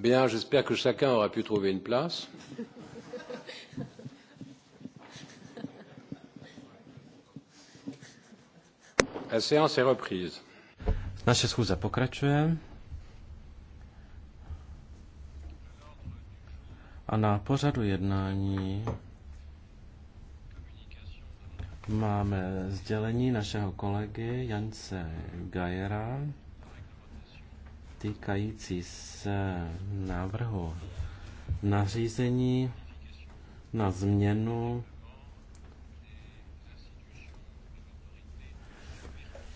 Bien, j'espère que chacun aura pu trouver une place. La séance est reprise. Naše schůze pokračuje. A na pořadu jednání máme sdělení našeho kolegy Jance Gajera týkající se návrhu nařízení na změnu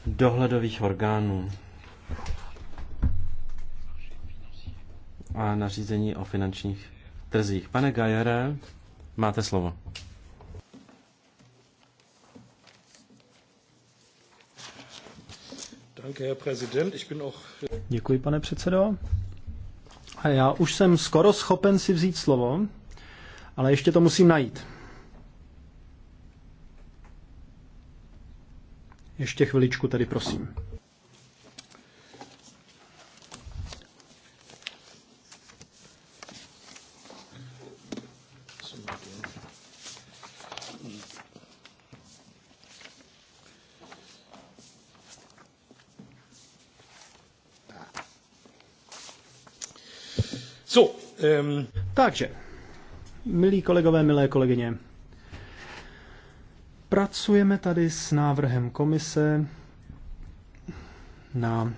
dohledových orgánů a nařízení o finančních trzích. Pane Gajere, máte slovo. Děkuji, pane předsedo. A já už jsem skoro schopen si vzít slovo, ale ještě to musím najít. Ještě chviličku tady, prosím. Um... Takže, milí kolegové, milé kolegyně, pracujeme tady s návrhem komise na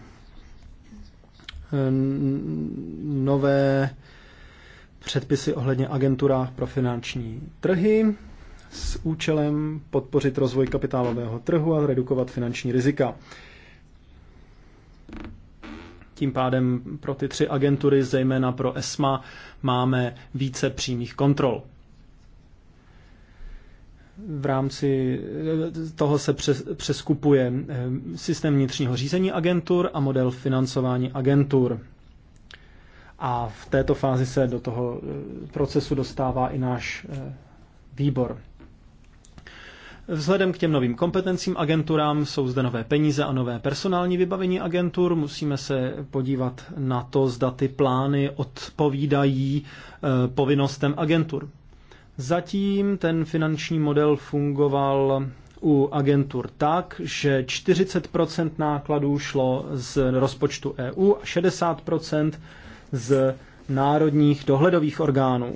ehm, nové předpisy ohledně agenturách pro finanční trhy s účelem podpořit rozvoj kapitálového trhu a redukovat finanční rizika. Tím pádem pro ty tři agentury, zejména pro ESMA, máme více přímých kontrol. V rámci eh, toho se přeskupuje eh, systém vnitřního řízení agentur a model financování agentur. A v této fázi se do toho eh, procesu dostává i náš výbor. Vzhledem k těm novým kompetencím agenturám jsou zde nové peníze a nové personální vybavení agentur. Musíme se podívat na to, zda ty plány odpovídají eh, povinnostem agentur. Zatím ten finanční model fungoval u agentur tak, že 40% nákladů šlo z rozpočtu EU a 60% z národních dohledových orgánů.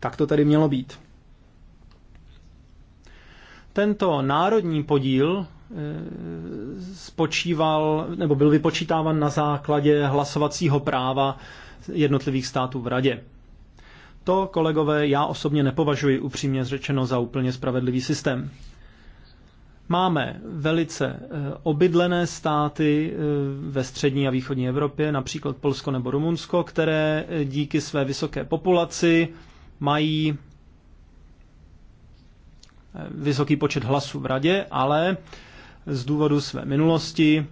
Tak to tady mělo být. Tento národní podíl eh, spočíval, nebo byl vypočítáván na základě hlasovacího práva jednotlivých států v radě. To, kolegové, já osobně nepovažuji upřímně zřečeno za úplně spravedlivý systém. Máme velice eh, obydlené státy eh, ve střední a východní Evropě, například Polsko nebo Rumunsko, které díky své vysoké populaci mají vysoký počet hlasů v radě, ale z důvodu své minulosti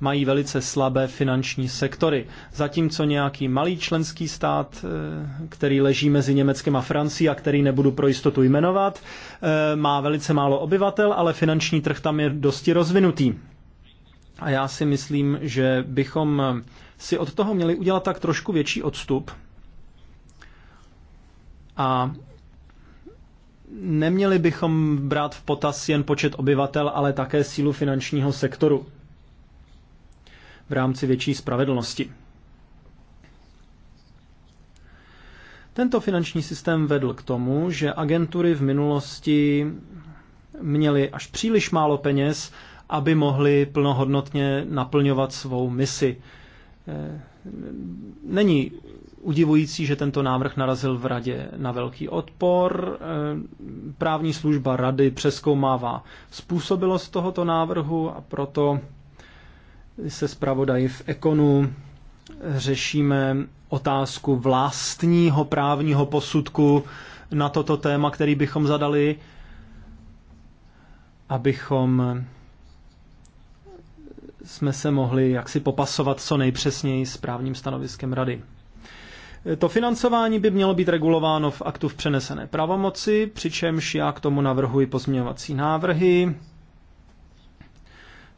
mají velice slabé finanční sektory. Zatímco nějaký malý členský stát, eh, který leží mezi Německem a Francií a který nebudu pro jistotu jmenovat, eh, má velice málo obyvatel, ale finanční trh tam je dosti rozvinutý. A já si myslím, že bychom si od toho měli udělat tak trošku větší odstup a neměli bychom brát v potaz jen počet obyvatel, ale také sílu finančního sektoru v rámci větší spravedlnosti. Tento finanční systém vedl k tomu, že agentury v minulosti měly až příliš málo peněz, aby mohly plnohodnotně naplňovat svou misi. Není udivující, že tento návrh narazil v radě na velký odpor. E, právní služba rady přeskoumává způsobilost tohoto návrhu a proto se zpravodají v Ekonu řešíme otázku vlastního právního posudku na toto téma, který bychom zadali, abychom jsme se mohli jaksi popasovat co nejpřesněji s právním stanoviskem rady. To financování by mělo být regulováno v aktu v přenesené pravomoci, přičemž já k tomu navrhuji pozměňovací návrhy,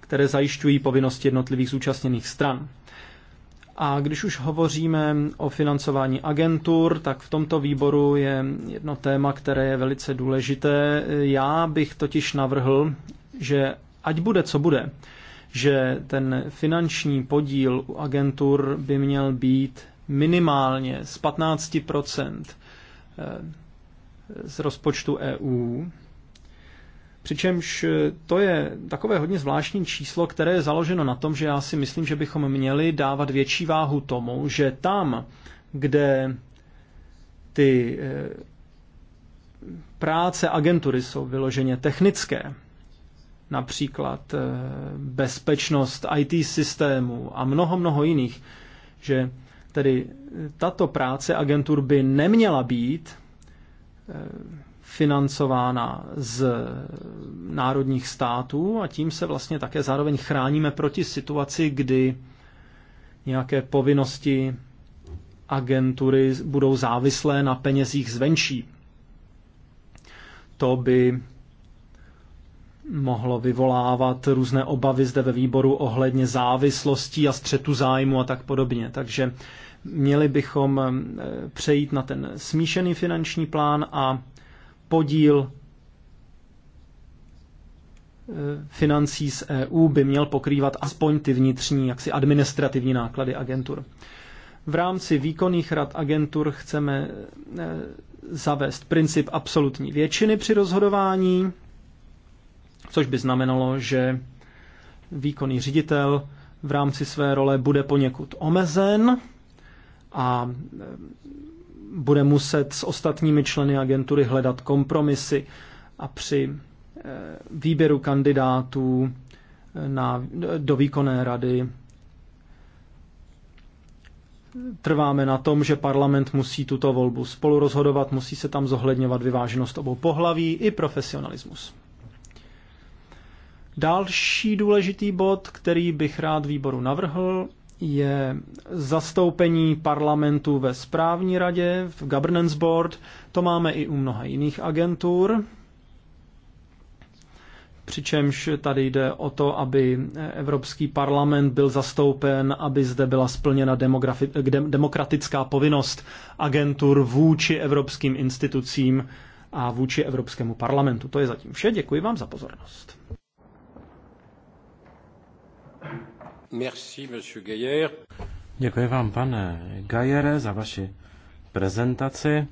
které zajišťují povinnosti jednotlivých zúčastněných stran. A když už hovoříme o financování agentur, tak v tomto výboru je jedno téma, které je velice důležité. Já bych totiž navrhl, že ať bude, co bude, že ten finanční podíl u agentur by měl být minimálně z 15 eh, z rozpočtu EU. Přičemž eh, to je takové hodně zvláštní číslo, které je založeno na tom, že já si myslím, že bychom měli dávat větší váhu tomu, že tam, kde ty eh, práce agentury jsou vyloženě technické, například bezpečnost IT systému a mnoho, mnoho jiných, že Tedy eh, tato práce agentur by neměla být eh, financována z eh, národních států a tím se vlastně také zároveň chráníme proti situaci, kdy nějaké povinnosti agentury budou závislé na penězích zvenčí. To by mohlo vyvolávat různé obavy zde ve výboru ohledně závislostí a střetu zájmu a tak podobně. Takže měli bychom eh, přejít na ten smíšený finanční plán a podíl eh, financí z EU by měl pokrývat aspoň ty vnitřní, jaksi administrativní náklady agentur. V rámci výkonných rad agentur chceme eh, zavést princip absolutní většiny při rozhodování, což by znamenalo, že výkonný ředitel v rámci své role bude poněkud omezen a e, bude muset s ostatními členy agentury hledat kompromisy a při e, výběru kandidátů e, na, do výkonné rady trváme na tom, že parlament musí tuto volbu spolu rozhodovat, musí se tam zohledňovat vyváženost obou pohlaví i profesionalismus. Další důležitý bod, který bych rád výboru navrhl, je zastoupení parlamentu ve správní radě, v governance board. To máme i u mnoha jiných agentur. Přičemž tady jde o to, aby Evropský parlament byl zastoupen, aby zde byla splněna demokratická povinnost agentur vůči evropským institucím a vůči Evropskému parlamentu. To je zatím vše. Děkuji vám za pozornost. Děkuji vám, pane Gajere, za vaši prezentaci.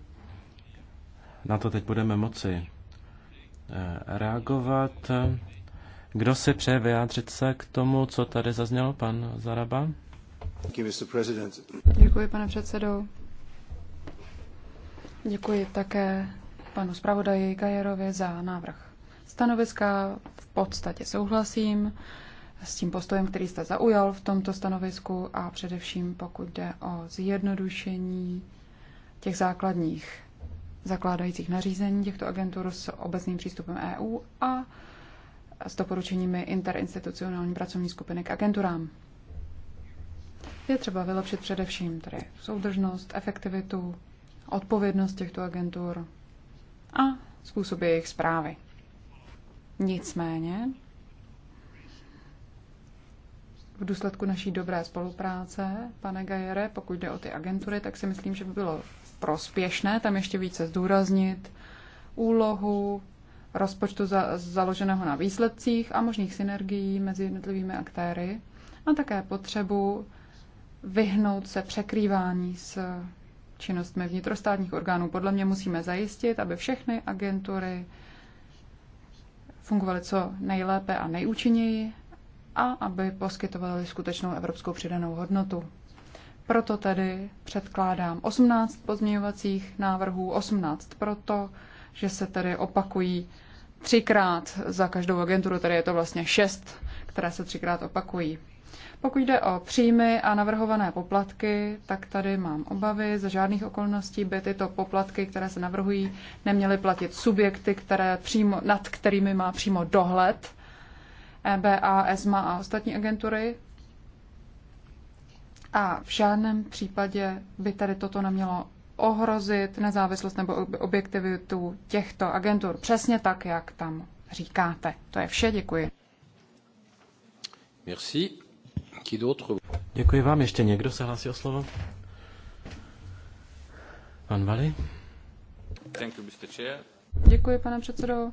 Na to teď budeme moci eh, reagovat. Kdo si přeje vyjádřit se k tomu, co tady zaznělo, pan Zaraba? Děkuji, pane předsedo. Děkuji také panu zpravodaji Gajerovi za návrh stanoviska. V podstatě souhlasím s tím postojem, který jste zaujal v tomto stanovisku a především pokud jde o zjednodušení těch základních zakládajících nařízení těchto agentur s obecným přístupem EU a s doporučeními interinstitucionální pracovní skupiny k agenturám. Je třeba vylepšit především tedy soudržnost, efektivitu, odpovědnost těchto agentur a způsoby jejich zprávy. Nicméně v důsledku naší dobré spolupráce, pane Gajere, pokud jde o ty agentury, tak si myslím, že by bylo prospěšné tam ještě více zdůraznit úlohu rozpočtu za, založeného na výsledcích a možných synergií mezi jednotlivými aktéry a také potřebu vyhnout se překrývání s činnostmi vnitrostátních orgánů. Podle mě musíme zajistit, aby všechny agentury fungovaly co nejlépe a nejúčinněji a aby poskytovali skutečnou evropskou přidanou hodnotu. Proto tedy předkládám 18 pozměňovacích návrhů, 18 proto, že se tedy opakují třikrát za každou agenturu, tedy je to vlastně šest, které se třikrát opakují. Pokud jde o příjmy a navrhované poplatky, tak tady mám obavy. Za žádných okolností by tyto poplatky, které se navrhují, neměly platit subjekty, které přímo, nad kterými má přímo dohled EBA, ESMA a ostatní agentury. A v žádném případě by tady toto nemělo ohrozit nezávislost nebo objektivitu těchto agentur. Přesně tak, jak tam říkáte. To je vše, děkuji. Merci. Děkuji vám. Ještě někdo se hlásí o slovo? Pan Vali? Děkuji, pane předsedo.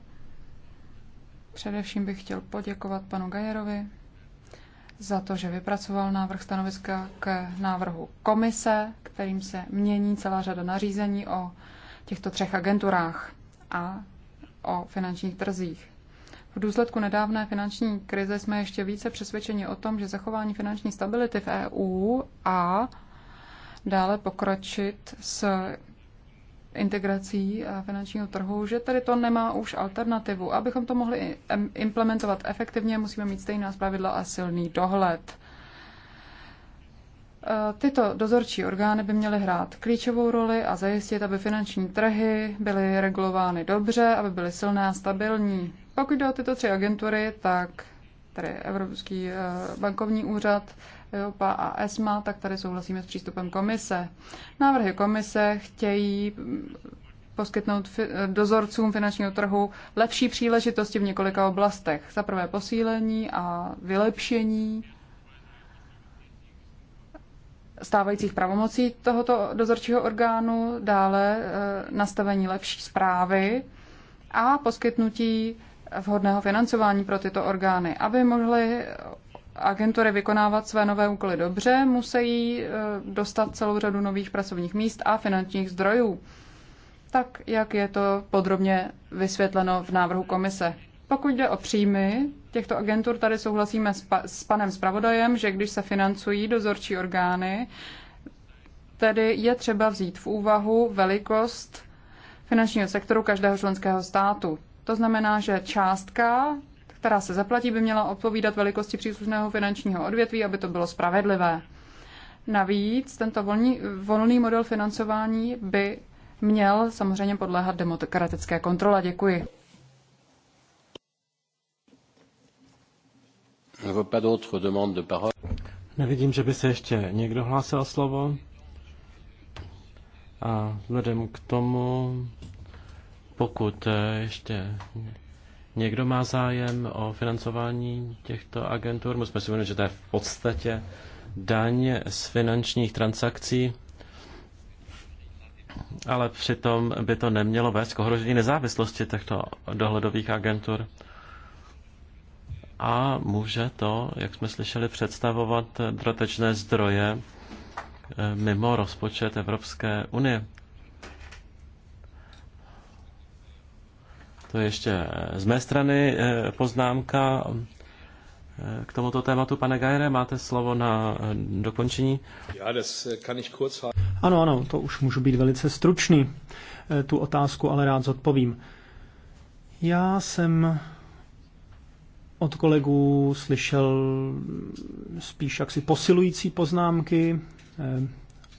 Především bych chtěl poděkovat panu Gajerovi za to, že vypracoval návrh stanoviska k návrhu komise, kterým se mění celá řada nařízení o těchto třech agenturách a o finančních trzích. V důsledku nedávné finanční krize jsme ještě více přesvědčeni o tom, že zachování finanční stability v EU a dále pokročit s integrací a eh, finančního trhu, že tady to nemá už alternativu. Abychom to mohli implementovat efektivně, musíme mít stejná zpravidla a silný dohled. Eh, tyto dozorčí orgány by měly hrát klíčovou roli a zajistit, aby finanční trhy byly regulovány dobře, aby byly silné a stabilní. Pokud jde o tyto tři agentury, tak tady Evropský eh, bankovní úřad, EOPA a ESMA, tak tady souhlasíme s přístupem komise. Návrhy komise chtějí poskytnout dozorcům finančního trhu lepší příležitosti v několika oblastech. Za prvé posílení a vylepšení stávajících pravomocí tohoto dozorčího orgánu, dále e, nastavení lepší zprávy a poskytnutí vhodného financování pro tyto orgány, aby mohly agentury vykonávat své nové úkoly dobře, musí eh, dostat celou řadu nových pracovních míst a finančních zdrojů, tak jak je to podrobně vysvětleno v návrhu komise. Pokud jde o příjmy těchto agentur, tady souhlasíme s, pa- s panem zpravodajem, že když se financují dozorčí orgány, tedy je třeba vzít v úvahu velikost finančního sektoru každého členského státu. To znamená, že částka která se zaplatí, by měla odpovídat velikosti příslušného finančního odvětví, aby to bylo spravedlivé. Navíc tento volný, volný model financování by měl samozřejmě podléhat demokratické kontrole. Děkuji. Nevidím, že by se ještě někdo hlásil slovo. A vzhledem k tomu, pokud ještě někdo má zájem o financování těchto agentur. Musíme si uvědomit, že to je v podstatě daň z finančních transakcí, ale přitom by to nemělo vést k ohrožení nezávislosti těchto dohledových agentur. A může to, jak jsme slyšeli, představovat dodatečné zdroje eh, mimo rozpočet Evropské unie. To je ještě eh, z mé strany eh, poznámka eh, k tomuto tématu. Pane Gajere, máte slovo na dokončení? Ano, ano, to už můžu být velice stručný. Tu otázku ale rád zodpovím. Já jsem od kolegů slyšel spíš jaksi posilující poznámky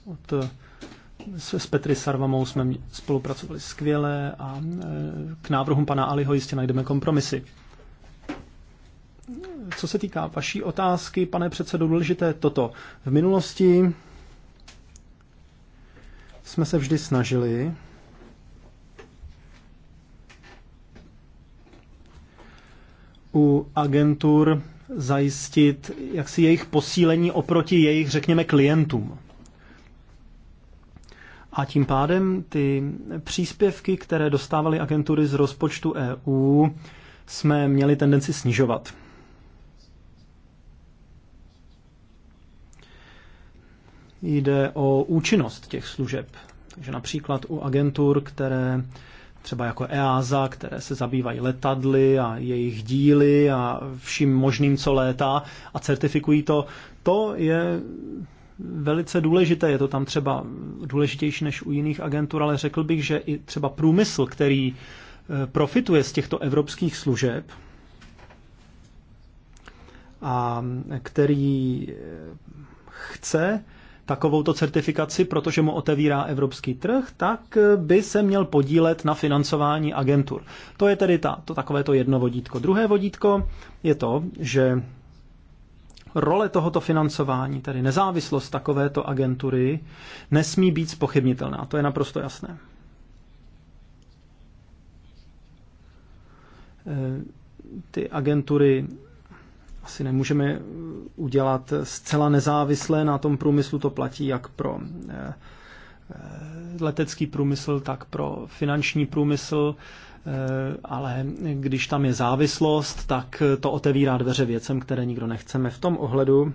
od s Petry Sarvamou jsme spolupracovali skvěle a e, k návrhům pana Aliho jistě najdeme kompromisy. Co se týká vaší otázky, pane předsedo, důležité toto. V minulosti jsme se vždy snažili u agentur zajistit jaksi jejich posílení oproti jejich, řekněme, klientům. A tím pádem ty příspěvky, které dostávaly agentury z rozpočtu EU, jsme měli tendenci snižovat. Jde o účinnost těch služeb. Takže například u agentur, které třeba jako EASA, které se zabývají letadly a jejich díly a vším možným, co létá a certifikují to, to je velice důležité. Je to tam třeba důležitější než u jiných agentur, ale řekl bych, že i třeba průmysl, který eh, profituje z těchto evropských služeb a který eh, chce takovouto certifikaci, protože mu otevírá evropský trh, tak eh, by se měl podílet na financování agentur. To je tedy ta, to takové to jedno vodítko. Druhé vodítko je to, že Role tohoto financování, tedy nezávislost takovéto agentury, nesmí být spochybnitelná. To je naprosto jasné. Eh, ty agentury asi nemůžeme udělat zcela nezávislé na tom průmyslu. To platí jak pro eh, eh, letecký průmysl, tak pro finanční průmysl. Eh, ale když tam je závislost, tak to otevírá dveře věcem, které nikdo nechceme. V tom ohledu,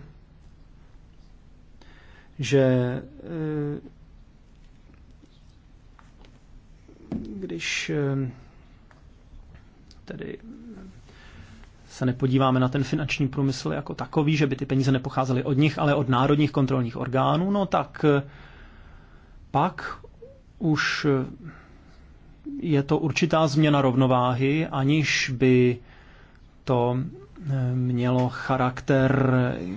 že eh, když eh, tedy se nepodíváme na ten finanční průmysl jako takový, že by ty peníze nepocházely od nich, ale od národních kontrolních orgánů, no tak pak už je to určitá změna rovnováhy, aniž by to eh, mělo charakter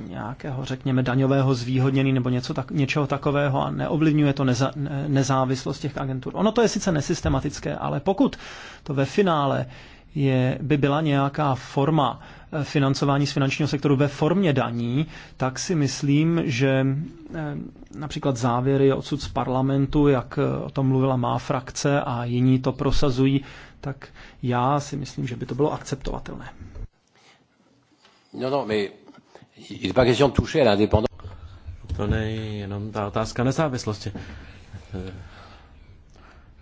nějakého, řekněme, daňového zvýhodnění nebo něco tak, něčeho takového a neovlivňuje to neza, nezávislost těch agentur. Ono to je sice nesystematické, ale pokud to ve finále je, by byla nějaká forma financování z finančního sektoru ve formě daní, tak si myslím, že eh, například závěry odsud z parlamentu, jak eh, o tom mluvila má frakce a jiní to prosazují, tak já si myslím, že by to bylo akceptovatelné. No, no, my... To není jenom ta otázka nezávislosti. Eh,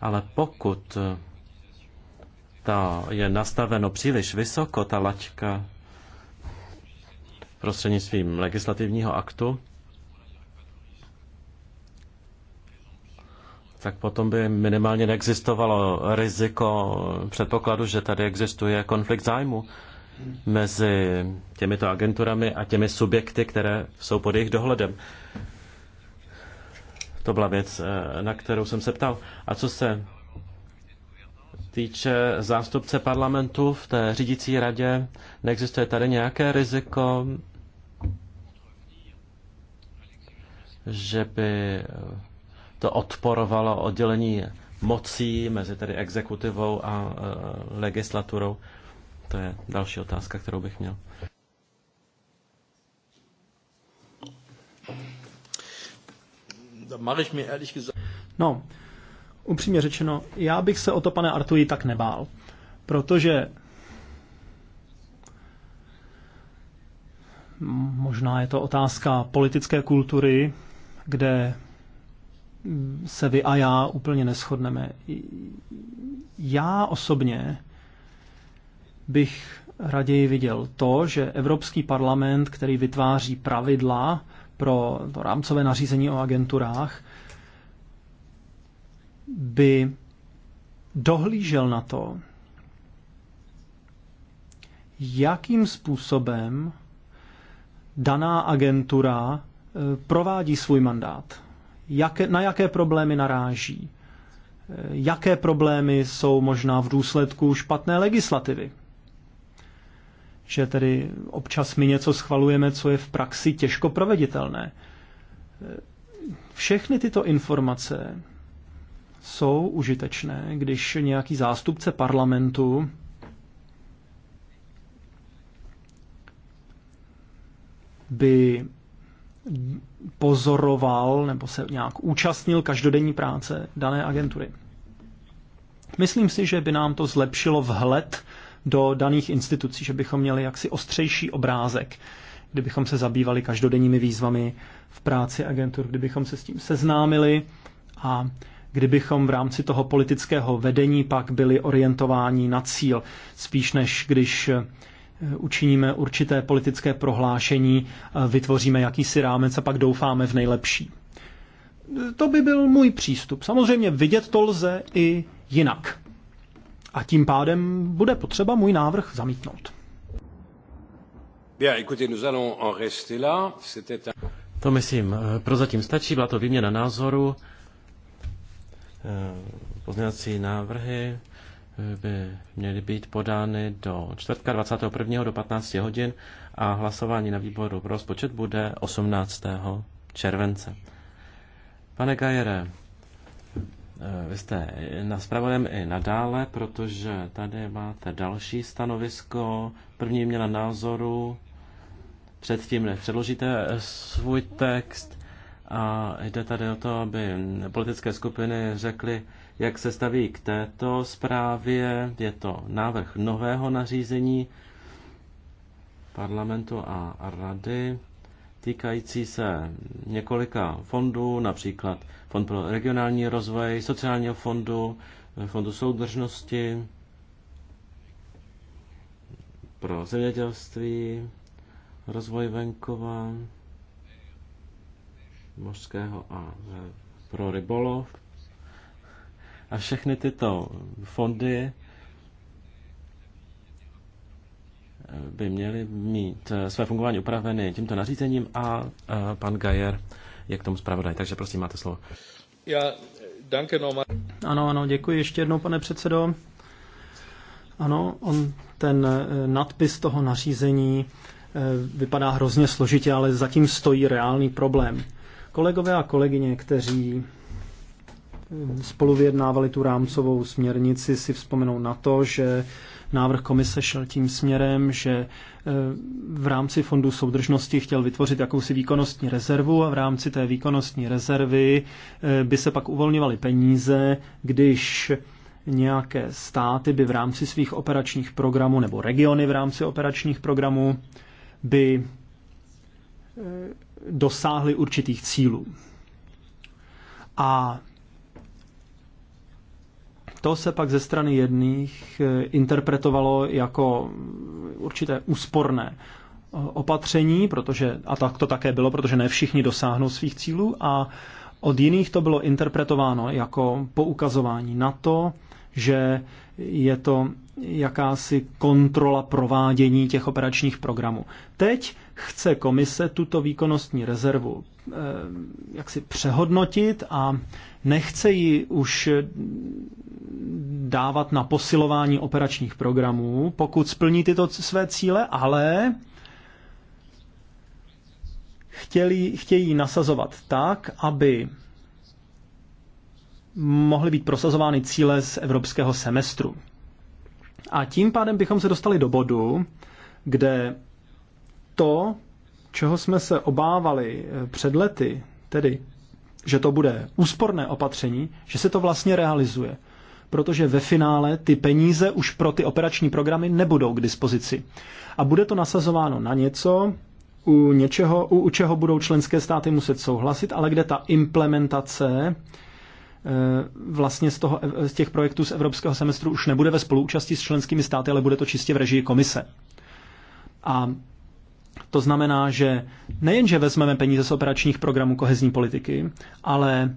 ale pokud to je nastaveno příliš vysoko, ta laťka, prostřednictvím legislativního aktu, tak potom by minimálně neexistovalo riziko předpokladu, že tady existuje konflikt zájmu mezi těmito agenturami a těmi subjekty, které jsou pod jejich dohledem. To byla věc, eh, na kterou jsem se ptal. A co se týče zástupce parlamentu v té řídící radě, neexistuje tady nějaké riziko že by to odporovalo oddělení mocí mezi tedy exekutivou a e, legislaturou? To je další otázka, kterou bych měl. No, upřímně řečeno, já bych se o to, pane Artuji, tak nebál. Protože možná je to otázka politické kultury, kde se vy a já úplně neschodneme. Já osobně bych raději viděl to, že Evropský parlament, který vytváří pravidla pro to rámcové nařízení o agenturách, by dohlížel na to, jakým způsobem daná agentura Eh, provádí svůj mandát, jaké, na jaké problémy naráží, eh, jaké problémy jsou možná v důsledku špatné legislativy. Že tedy občas my něco schvalujeme, co je v praxi těžko proveditelné. Eh, všechny tyto informace jsou užitečné, když nějaký zástupce parlamentu by pozoroval nebo se nějak účastnil každodenní práce dané agentury. Myslím si, že by nám to zlepšilo vhled do daných institucí, že bychom měli jaksi ostřejší obrázek, kdybychom se zabývali každodenními výzvami v práci agentur, kdybychom se s tím seznámili a kdybychom v rámci toho politického vedení pak byli orientováni na cíl, spíš než když učiníme určité politické prohlášení, vytvoříme jakýsi rámec a pak doufáme v nejlepší. To by byl můj přístup. Samozřejmě vidět to lze i jinak. A tím pádem bude potřeba můj návrh zamítnout. To myslím, eh, prozatím stačí, byla to výměna názoru, eh, pozměňovací návrhy by měly být podány do čtvrtka 21. do 15 hodin a hlasování na výboru pro rozpočet bude 18. července. Pane Gajere, eh, vy jste na zpravodem i nadále, protože tady máte další stanovisko. První měla názoru předtím, než předložíte eh, svůj text. A jde tady o to, aby politické skupiny řekly, jak se staví k této zprávě. Je to návrh nového nařízení parlamentu a rady týkající se několika fondů, například Fond pro regionální rozvoj, sociálního fondu, Fondu soudržnosti, pro zemědělství, rozvoj venkova, mořského a pro rybolov. A všechny tyto fondy by měly mít eh, své fungování upraveny tímto nařízením a eh, pan Gajer je k tomu zpravodaj. Takže prosím, máte slovo. Já, danke nochmal. Ano, ano, děkuji ještě jednou, pane předsedo. Ano, on ten eh, nadpis toho nařízení vypadá hrozně složitě, ale zatím stojí reálný problém. Kolegové a kolegyně, kteří spolu vyjednávali tu rámcovou směrnici, si vzpomenou na to, že návrh komise šel tím směrem, že e, v rámci fondu soudržnosti chtěl vytvořit jakousi výkonnostní rezervu a v rámci té výkonnostní rezervy e, by se pak uvolňovaly peníze, když nějaké státy by v rámci svých operačních programů nebo regiony v rámci operačních programů by e, dosáhly určitých cílů. A to se pak ze strany jedných eh, interpretovalo jako určité úsporné eh, opatření, protože, a tak to také bylo, protože ne všichni dosáhnou svých cílů, a od jiných to bylo interpretováno jako poukazování na to, že je to jakási kontrola provádění těch operačních programů. Teď chce komise tuto výkonnostní rezervu eh, jaksi přehodnotit a Nechce ji už dávat na posilování operačních programů, pokud splní tyto své cíle, ale chtěli, chtějí nasazovat tak, aby mohly být prosazovány cíle z evropského semestru. A tím pádem bychom se dostali do bodu, kde to, čeho jsme se obávali eh, před lety, tedy že to bude úsporné opatření, že se to vlastně realizuje. Protože ve finále ty peníze už pro ty operační programy nebudou k dispozici. A bude to nasazováno na něco, u něčeho, u, u čeho budou členské státy muset souhlasit, ale kde ta implementace eh, vlastně z, toho, eh, z těch projektů z evropského semestru už nebude ve spoluúčasti s členskými státy, ale bude to čistě v režii komise. A to znamená, že nejenže vezmeme peníze z operačních programů kohezní politiky, ale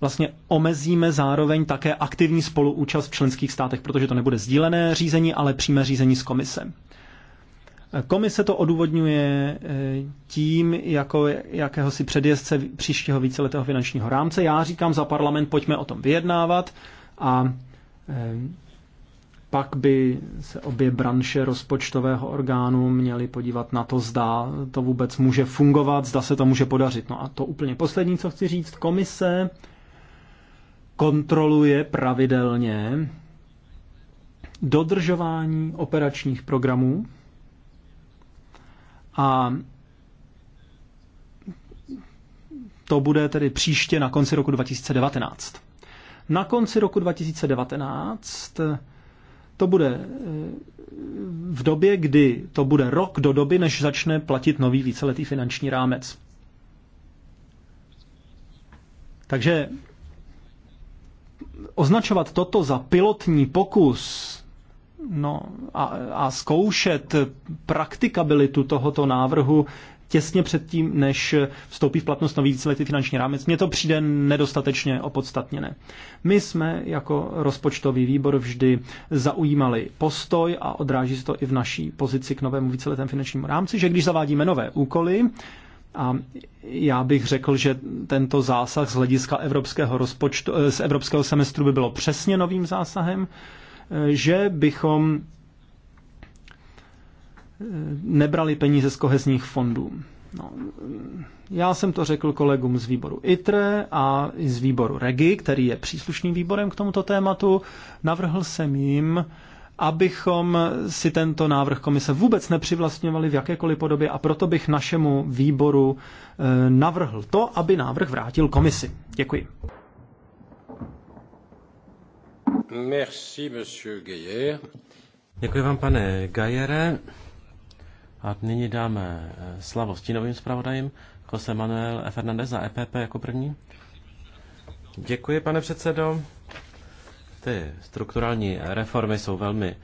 vlastně omezíme zároveň také aktivní spoluúčast v členských státech, protože to nebude sdílené řízení, ale přímé řízení s komise. Komise to odůvodňuje eh, tím, jako jakéhosi předjezdce příštího víceletého finančního rámce. Já říkám za parlament, pojďme o tom vyjednávat a eh, pak by se obě branše rozpočtového orgánu měly podívat na to, zda to vůbec může fungovat, zda se to může podařit. No a to úplně poslední, co chci říct, komise kontroluje pravidelně dodržování operačních programů a to bude tedy příště na konci roku 2019. Na konci roku 2019 to bude eh, v době, kdy to bude rok do doby, než začne platit nový víceletý finanční rámec. Takže označovat toto za pilotní pokus no, a, a zkoušet praktikabilitu tohoto návrhu těsně před tím, než vstoupí v platnost nový víceletý finanční rámec. Mně to přijde nedostatečně opodstatněné. My jsme jako rozpočtový výbor vždy zaujímali postoj a odráží se to i v naší pozici k novému víceletém finančnímu rámci, že když zavádíme nové úkoly, a já bych řekl, že tento zásah z hlediska evropského rozpočtu, eh, z evropského semestru by bylo přesně novým zásahem, eh, že bychom nebrali peníze z kohezních fondů. No, já jsem to řekl kolegům z výboru ITRE a i z výboru REGI, který je příslušným výborem k tomuto tématu. Navrhl jsem jim, abychom si tento návrh komise vůbec nepřivlastňovali v jakékoliv podobě a proto bych našemu výboru eh, navrhl to, aby návrh vrátil komisi. Děkuji. Merci, monsieur Děkuji vám, pane Gajere. A nyní dáme eh, slavo stínovým zpravodajím Jose Manuel Fernandez za EPP jako první. Děkuji, pane předsedo. Ty strukturální reformy jsou velmi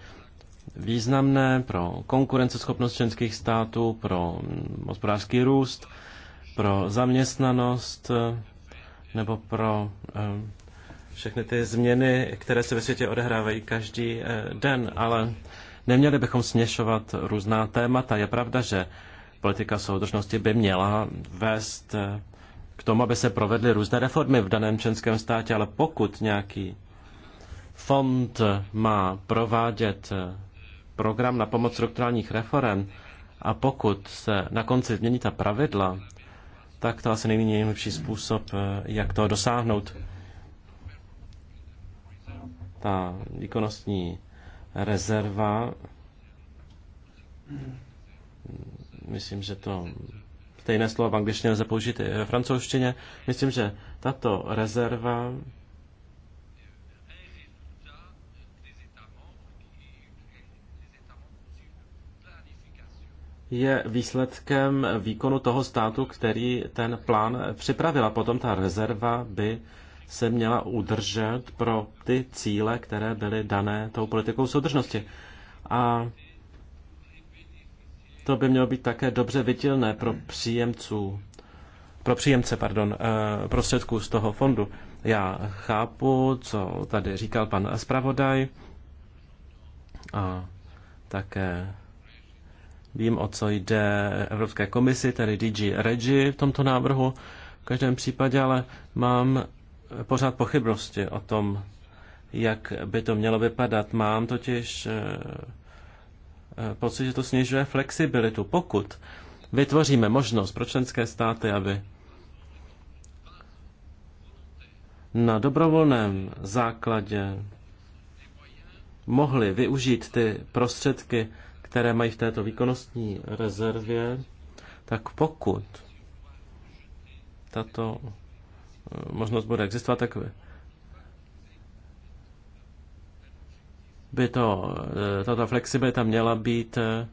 významné pro konkurenceschopnost členských států, pro hospodářský růst, pro zaměstnanost eh, nebo pro eh, všechny ty změny, které se ve světě odehrávají každý den, ale Neměli bychom směšovat různá témata. Je pravda, že politika soudržnosti by měla vést eh, k tomu, aby se provedly různé reformy v daném členském státě, ale pokud nějaký fond má provádět eh, program na pomoc strukturálních reform a pokud se na konci změní ta pravidla, tak to asi není nejlepší způsob, eh, jak toho dosáhnout. Ta výkonnostní rezerva. Myslím, že to stejné slovo v angličtině lze použít i ve francouzštině. Myslím, že tato rezerva je výsledkem výkonu toho státu, který ten plán připravil. A potom ta rezerva by se měla udržet pro ty cíle, které byly dané tou politikou soudržnosti. A to by mělo být také dobře viditelné pro příjemců, pro příjemce, pardon, eh, prostředků z toho fondu. Já chápu, co tady říkal pan zpravodaj a také vím, o co jde Evropské komisi, tedy DG Regi v tomto návrhu. V každém případě ale mám pořád pochybnosti o tom, jak by to mělo vypadat. Mám totiž eh, eh, pocit, že to snižuje flexibilitu. Pokud vytvoříme možnost pro členské státy, aby na dobrovolném základě mohli využít ty prostředky, které mají v této výkonnostní rezervě, tak pokud tato možnost bude existovat, takové. by to, eh, tato flexibilita měla být eh,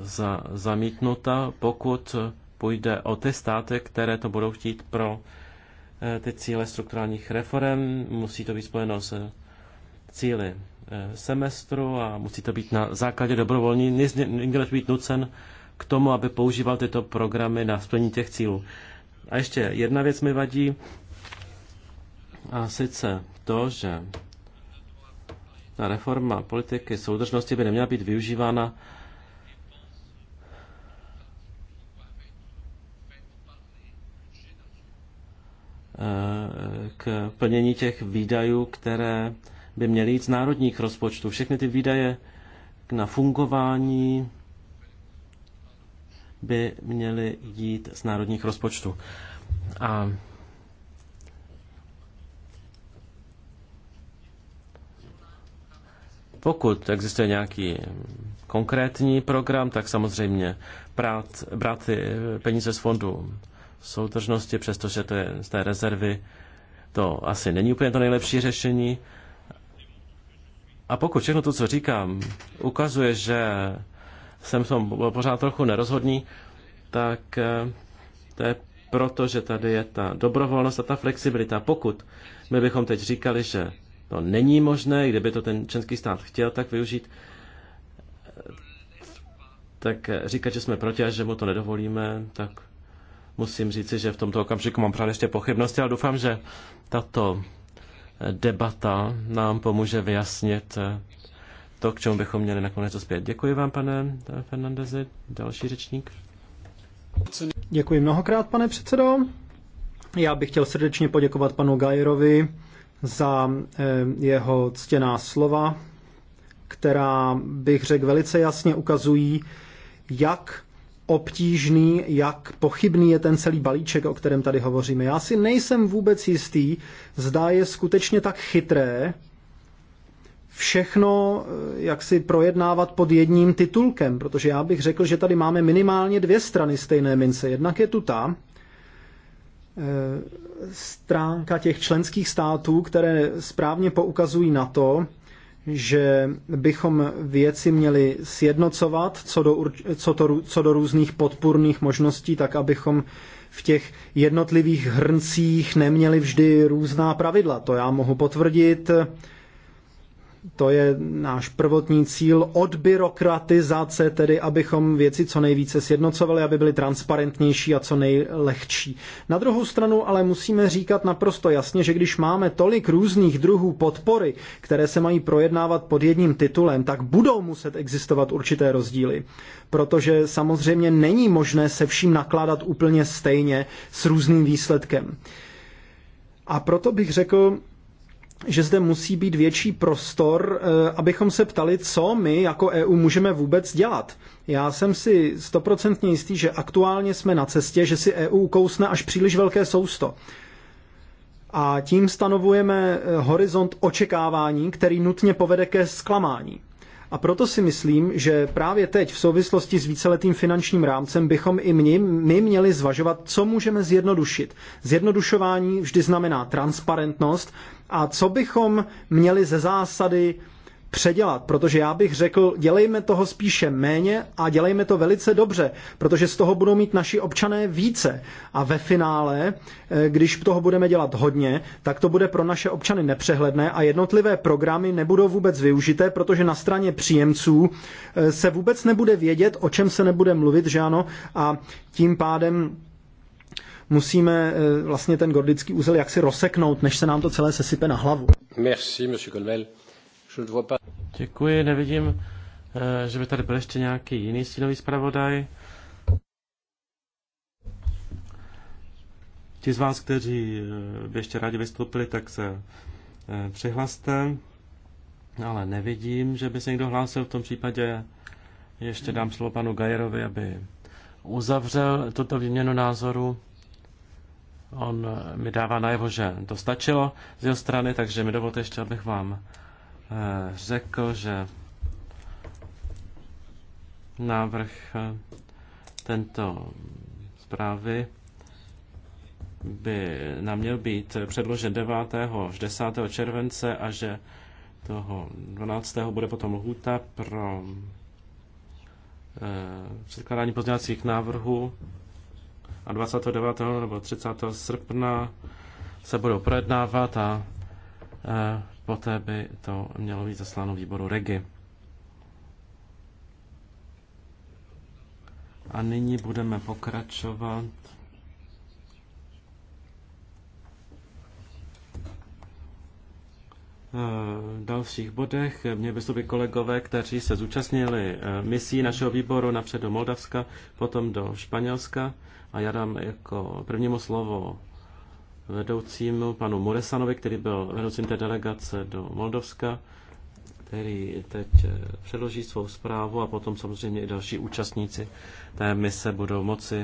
za, zamítnuta, pokud půjde o ty státy, které to budou chtít pro eh, ty cíle strukturálních reform. Musí to být spojeno s cíly semestru a musí to být na základě dobrovolní, nikdo být nucen k tomu, aby používal tyto programy na splnění těch cílů. A ještě jedna věc mi vadí, a sice to, že ta reforma politiky soudržnosti by neměla být využívána k plnění těch výdajů, které by měly jít z národních rozpočtů. Všechny ty výdaje na fungování by měly jít z národních rozpočtů. A pokud existuje nějaký konkrétní program, tak samozřejmě brát, brát ty peníze z fondu soudržnosti, přestože to je z té rezervy, to asi není úplně to nejlepší řešení. A pokud všechno to, co říkám, ukazuje, že jsem v tom pořád trochu nerozhodný, tak eh, to je proto, že tady je ta dobrovolnost a ta flexibilita. Pokud my bychom teď říkali, že to není možné, kdyby to ten členský stát chtěl tak využít, tak eh, říkat, že jsme proti a že mu to nedovolíme, tak musím říci, že v tomto okamžiku mám právě ještě pochybnosti, ale doufám, že tato eh, debata nám pomůže vyjasnit to, k čemu bychom měli nakonec zpět. Děkuji vám, pane Fernandezi. Další řečník. Děkuji mnohokrát, pane předsedo. Já bych chtěl srdečně poděkovat panu Gajerovi za eh, jeho ctěná slova, která, bych řekl, velice jasně ukazují, jak obtížný, jak pochybný je ten celý balíček, o kterém tady hovoříme. Já si nejsem vůbec jistý, Zdá je skutečně tak chytré všechno eh, jak si projednávat pod jedním titulkem, protože já bych řekl, že tady máme minimálně dvě strany stejné mince. Jednak je tu ta eh, stránka těch členských států, které správně poukazují na to, že bychom věci měli sjednocovat co do, co, to, co do různých podpůrných možností, tak abychom v těch jednotlivých hrncích neměli vždy různá pravidla. To já mohu potvrdit. To je náš prvotní cíl odbyrokratizace, tedy abychom věci co nejvíce sjednocovali, aby byly transparentnější a co nejlehčí. Na druhou stranu ale musíme říkat naprosto jasně, že když máme tolik různých druhů podpory, které se mají projednávat pod jedním titulem, tak budou muset existovat určité rozdíly. Protože samozřejmě není možné se vším nakládat úplně stejně s různým výsledkem. A proto bych řekl, že zde musí být větší prostor, eh, abychom se ptali, co my jako EU můžeme vůbec dělat. Já jsem si stoprocentně jistý, že aktuálně jsme na cestě, že si EU kousne až příliš velké sousto. A tím stanovujeme eh, horizont očekávání, který nutně povede ke zklamání. A proto si myslím, že právě teď v souvislosti s víceletým finančním rámcem bychom i my, my měli zvažovat, co můžeme zjednodušit. Zjednodušování vždy znamená transparentnost a co bychom měli ze zásady předělat, protože já bych řekl, dělejme toho spíše méně a dělejme to velice dobře, protože z toho budou mít naši občané více. A ve finále, eh, když toho budeme dělat hodně, tak to bude pro naše občany nepřehledné a jednotlivé programy nebudou vůbec využité, protože na straně příjemců eh, se vůbec nebude vědět, o čem se nebude mluvit, že ano, a tím pádem musíme eh, vlastně ten gordický úzel jaksi rozseknout, než se nám to celé sesype na hlavu. Merci, monsieur Colmel. Děkuji, nevidím, eh, že by tady byl ještě nějaký jiný stínový zpravodaj. Ti z vás, kteří eh, by ještě rádi vystoupili, tak se eh, přihlaste. Ale nevidím, že by se někdo hlásil. V tom případě ještě dám slovo panu Gajerovi, aby uzavřel tuto výměnu názoru. On mi dává najevo, že to stačilo z jeho strany, takže mi dovolte ještě, abych vám Eh, řekl, že návrh eh, tento zprávy by nám měl být předložen 9. až 10. července a že toho 12. bude potom lhůta pro eh, předkládání pozdělacích návrhů a 29. nebo 30. srpna se budou projednávat a Poté by to mělo být zasláno výboru REGI. A nyní budeme pokračovat v dalších bodech. Mě vystupují kolegové, kteří se zúčastnili eh, misí našeho výboru napřed do Moldavska, potom do Španělska a já dám jako prvnímu slovo vedoucímu panu Muresanovi, který byl vedoucím té delegace do Moldovska, který teď eh, předloží svou zprávu a potom samozřejmě i další účastníci té mise budou moci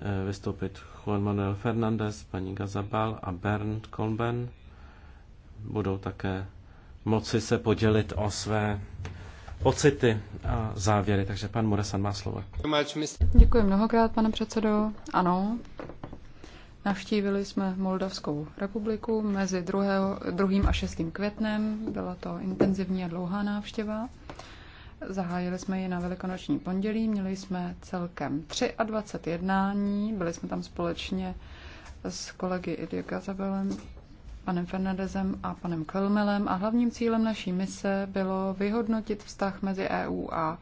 eh, vystoupit Juan Manuel Fernández, paní Gazabal a Bernd Kolben. Budou také moci se podělit o své pocity a závěry. Takže pan Muresan má slovo. Děkuji mnohokrát, pane předsedo. Ano, Navštívili jsme Moldavskou republiku mezi 2. 2. a 6. květnem. Byla to intenzivní a dlouhá návštěva. Zahájili jsme ji na velikonoční pondělí, měli jsme celkem 23 jednání, byli jsme tam společně s kolegy Idy Gazabelem, panem Fernandezem a panem Kölmelem a hlavním cílem naší mise bylo vyhodnotit vztah mezi EU a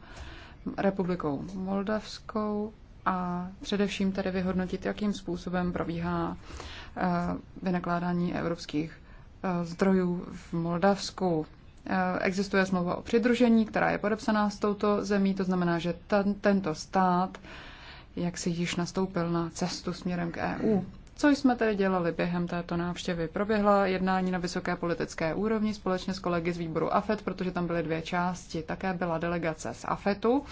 Republikou Moldavskou a především tady vyhodnotit, jakým způsobem probíhá eh, vynakládání evropských eh, zdrojů v Moldavsku. Eh, existuje smlouva o přidružení, která je podepsaná s touto zemí, to znamená, že ten, tento stát jak si již nastoupil na cestu směrem k EU. Co jsme tedy dělali během této návštěvy? Proběhla jednání na vysoké politické úrovni společně s kolegy z výboru AFET, protože tam byly dvě části. Také byla delegace z AFETu,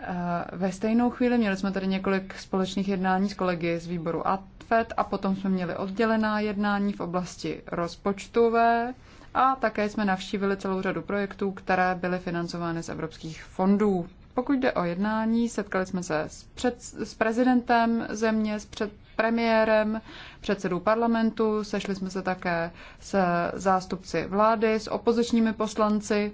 Eh, ve stejnou chvíli měli jsme tady několik společných jednání s kolegy z výboru ATFED a potom jsme měli oddělená jednání v oblasti rozpočtové a také jsme navštívili celou řadu projektů, které byly financovány z evropských fondů. Pokud jde o jednání, setkali jsme se s, před, s prezidentem země, s před premiérem, předsedou parlamentu, sešli jsme se také se zástupci vlády, s opozičními poslanci.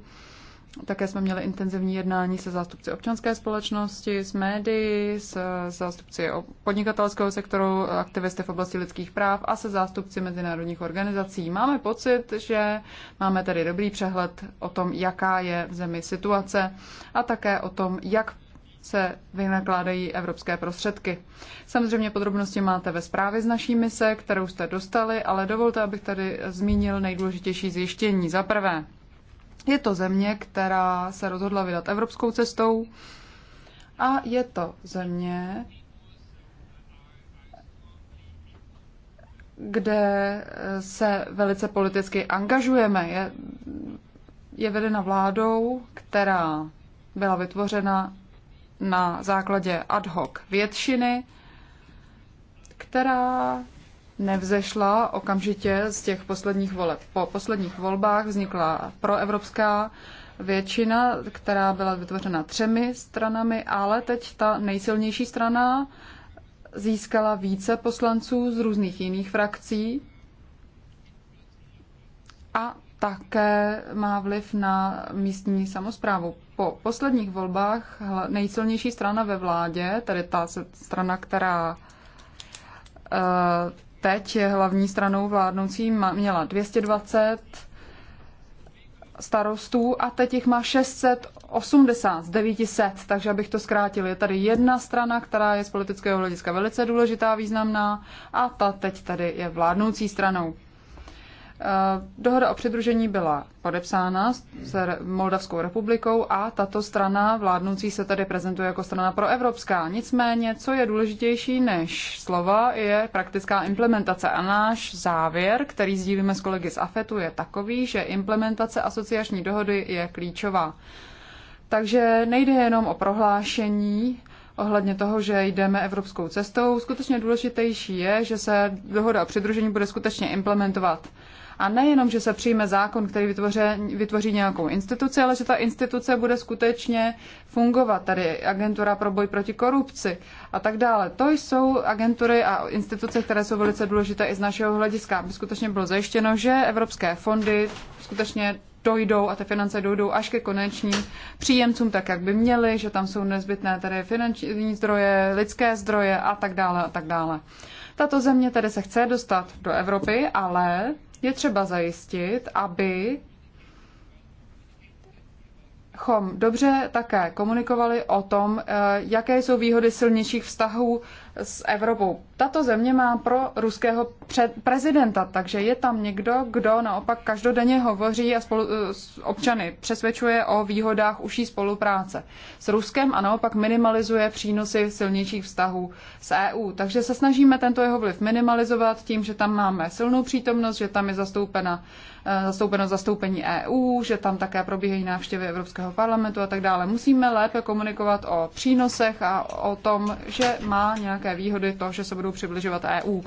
Také jsme měli intenzivní jednání se zástupci občanské společnosti, s médií, s eh, zástupci podnikatelského sektoru, aktivisty v oblasti lidských práv a se zástupci mezinárodních organizací. Máme pocit, že máme tady dobrý přehled o tom, jaká je v zemi situace a také o tom, jak se vynakládají evropské prostředky. Samozřejmě podrobnosti máte ve zprávě z naší mise, kterou jste dostali, ale dovolte, abych tady zmínil nejdůležitější zjištění. Za prvé, je to země, která se rozhodla vydat evropskou cestou a je to země, kde se velice politicky angažujeme. Je, je vedena vládou, která byla vytvořena na základě ad hoc většiny, která nevzešla okamžitě z těch posledních voleb. Po posledních volbách vznikla proevropská většina, která byla vytvořena třemi stranami, ale teď ta nejsilnější strana získala více poslanců z různých jiných frakcí a také má vliv na místní samozprávu. Po posledních volbách nejsilnější strana ve vládě, tedy ta strana, která eh, teď je hlavní stranou vládnoucí, měla 220 starostů a teď jich má 680 z 900, takže abych to zkrátil. Je tady jedna strana, která je z politického hlediska velice důležitá, významná a ta teď tady je vládnoucí stranou. Eh, dohoda o přidružení byla podepsána s Moldavskou republikou a tato strana vládnoucí se tady prezentuje jako strana proevropská. Nicméně, co je důležitější než slova, je praktická implementace. A náš závěr, který sdílíme s kolegy z AFETu, je takový, že implementace asociační dohody je klíčová. Takže nejde jenom o prohlášení, ohledně toho, že jdeme evropskou cestou. Skutečně důležitější je, že se dohoda o přidružení bude skutečně implementovat. A nejenom, že se přijme zákon, který vytvoří, vytvoří nějakou instituci, ale že ta instituce bude skutečně fungovat. Tady agentura pro boj proti korupci a tak dále. To jsou agentury a instituce, které jsou velice důležité i z našeho hlediska, aby skutečně bylo zajištěno, že evropské fondy skutečně dojdou a ty finance dojdou až ke konečním příjemcům tak, jak by měly, že tam jsou nezbytné tedy finanční zdroje, lidské zdroje a tak dále a tak dále. Tato země tedy se chce dostat do Evropy, ale je třeba zajistit, aby chom dobře také komunikovali o tom, eh, jaké jsou výhody silnějších vztahů s Evropou. Tato země má pro ruského prezidenta, takže je tam někdo, kdo naopak každodenně hovoří a spolu, eh, s občany přesvědčuje o výhodách užší spolupráce s Ruskem a naopak minimalizuje přínosy silnějších vztahů s EU. Takže se snažíme tento jeho vliv minimalizovat tím, že tam máme silnou přítomnost, že tam je zastoupena eh, zastoupeno zastoupení EU, že tam také probíhají návštěvy Evropského parlamentu a tak dále. Musíme lépe komunikovat o přínosech a o tom, že má nějak nějaké výhody to, že se budou přibližovat EU.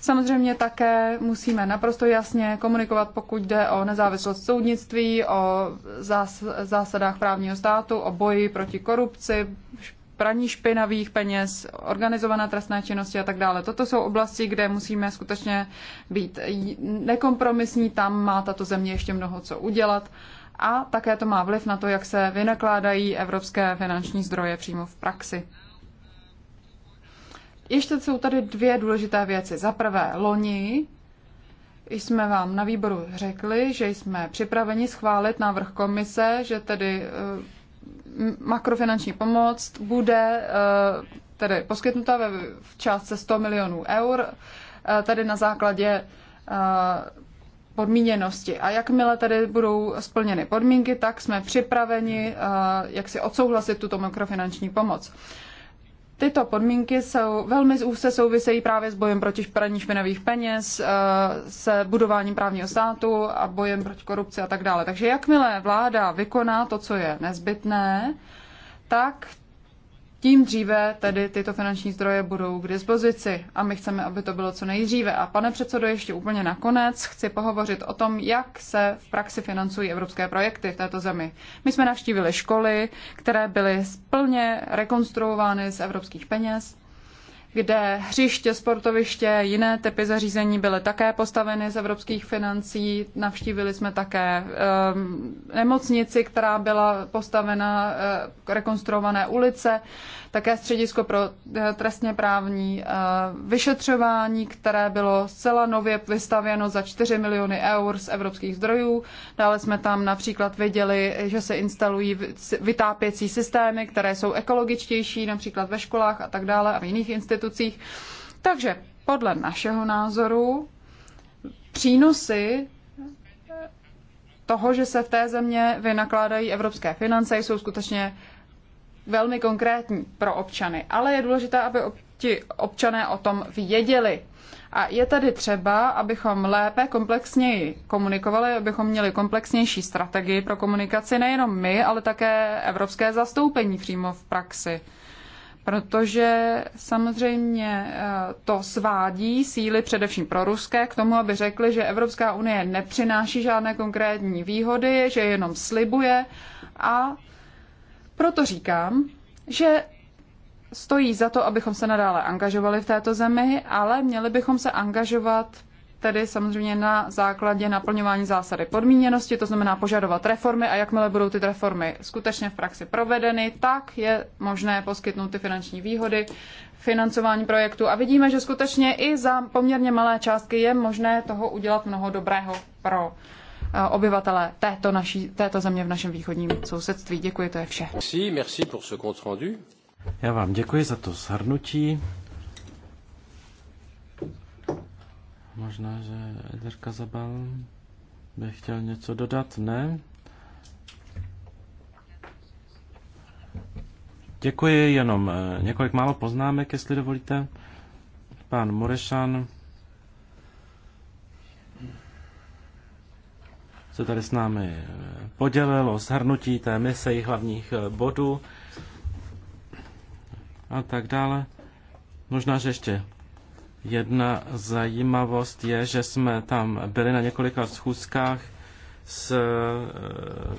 Samozřejmě také musíme naprosto jasně komunikovat, pokud jde o nezávislost soudnictví, o zásadách právního státu, o boji proti korupci, praní špinavých peněz, organizovaná trestné činnosti a tak dále. Toto jsou oblasti, kde musíme skutečně být nekompromisní, tam má tato země ještě mnoho co udělat a také to má vliv na to, jak se vynakládají evropské finanční zdroje přímo v praxi ještě jsou tady dvě důležité věci. Za prvé, loni jsme vám na výboru řekli, že jsme připraveni schválit návrh komise, že tedy eh, makrofinanční pomoc bude eh, tedy poskytnuta ve, v částce 100 milionů eur, eh, tedy na základě podmíněnosti. A jakmile tedy budou splněny podmínky, tak jsme připraveni jak si odsouhlasit tuto makrofinanční pomoc. Tyto podmínky jsou velmi úzce souvisejí právě s bojem proti praní špinavých peněz, eh, se budováním právního státu a bojem proti korupci a tak dále. Takže jakmile vláda vykoná to, co je nezbytné, tak tím dříve tedy tyto finanční zdroje budou k dispozici a my chceme, aby to bylo co nejdříve. A pane předsedo, ještě úplně nakonec chci pohovořit o tom, jak se v praxi financují evropské projekty v této zemi. My jsme navštívili školy, které byly plně rekonstruovány z evropských peněz kde hřiště, sportoviště, jiné typy zařízení byly také postaveny z evropských financí. Navštívili jsme také um, nemocnici, která byla postavena, uh, rekonstruované ulice, také středisko pro uh, trestně právní uh, vyšetřování, které bylo zcela nově vystavěno za 4 miliony eur z evropských zdrojů. Dále jsme tam například viděli, že se instalují vytápěcí systémy, které jsou ekologičtější, například ve školách a tak dále a v jiných institucích institucích. Takže podle našeho názoru přínosy toho, že se v té země vynakládají evropské finance, jsou skutečně velmi konkrétní pro občany. Ale je důležité, aby ti občané o tom věděli. A je tady třeba, abychom lépe, komplexněji komunikovali, abychom měli komplexnější strategii pro komunikaci nejenom my, ale také evropské zastoupení přímo v praxi protože samozřejmě eh, to svádí síly především pro ruské k tomu, aby řekli, že Evropská unie nepřináší žádné konkrétní výhody, že jenom slibuje a proto říkám, že stojí za to, abychom se nadále angažovali v této zemi, ale měli bychom se angažovat tedy samozřejmě na základě naplňování zásady podmíněnosti, to znamená požadovat reformy a jakmile budou ty reformy skutečně v praxi provedeny, tak je možné poskytnout ty finanční výhody, financování projektu a vidíme, že skutečně i za poměrně malé částky je možné toho udělat mnoho dobrého pro eh, obyvatele této, naší, této země v našem východním sousedství. Děkuji, to je vše. Merci, merci pour ce compte rendu. Já vám děkuji za to shrnutí. Možná, že Eder Kazabal by chtěl něco dodat, ne? Děkuji, jenom eh, několik málo poznámek, jestli dovolíte. Pán Morešan se tady s námi eh, podělil o shrnutí té mise jejich hlavních eh, bodů a tak dále. Možná, že ještě Jedna zajímavost je, že jsme tam byli na několika schůzkách s eh,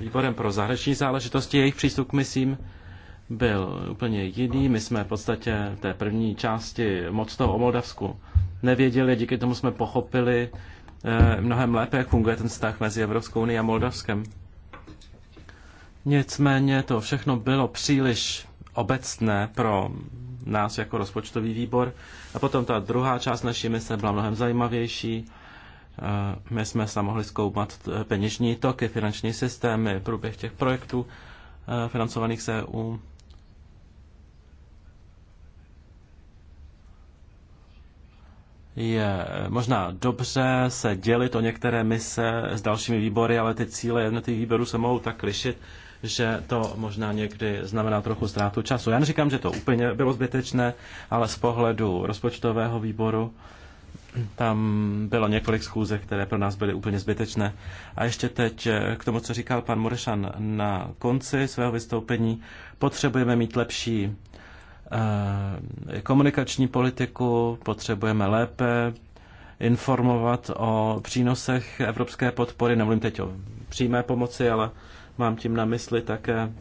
výborem pro zahraniční záležitosti. Jejich přístup k misím byl úplně jiný. My jsme v podstatě v té první části moc toho o Moldavsku nevěděli, díky tomu jsme pochopili eh, mnohem lépe, jak funguje ten vztah mezi Evropskou unii a Moldavskem. Nicméně to všechno bylo příliš obecné pro nás jako rozpočtový výbor. A potom ta druhá část naší mise byla mnohem zajímavější. Eh, my jsme se mohli zkoumat eh, peněžní toky, finanční systémy, průběh těch projektů eh, financovaných se u je možná dobře se dělit o některé mise s dalšími výbory, ale ty cíle jednotlivých výborů se mohou tak lišit, že to možná někdy znamená trochu ztrátu času. Já neříkám, že to úplně bylo zbytečné, ale z pohledu rozpočtového výboru tam bylo několik schůzek, které pro nás byly úplně zbytečné. A ještě teď eh, k tomu, co říkal pan Morešan na konci svého vystoupení, potřebujeme mít lepší eh, komunikační politiku, potřebujeme lépe informovat o přínosech evropské podpory, nemluvím teď o přímé pomoci, ale Mám tím na mysli také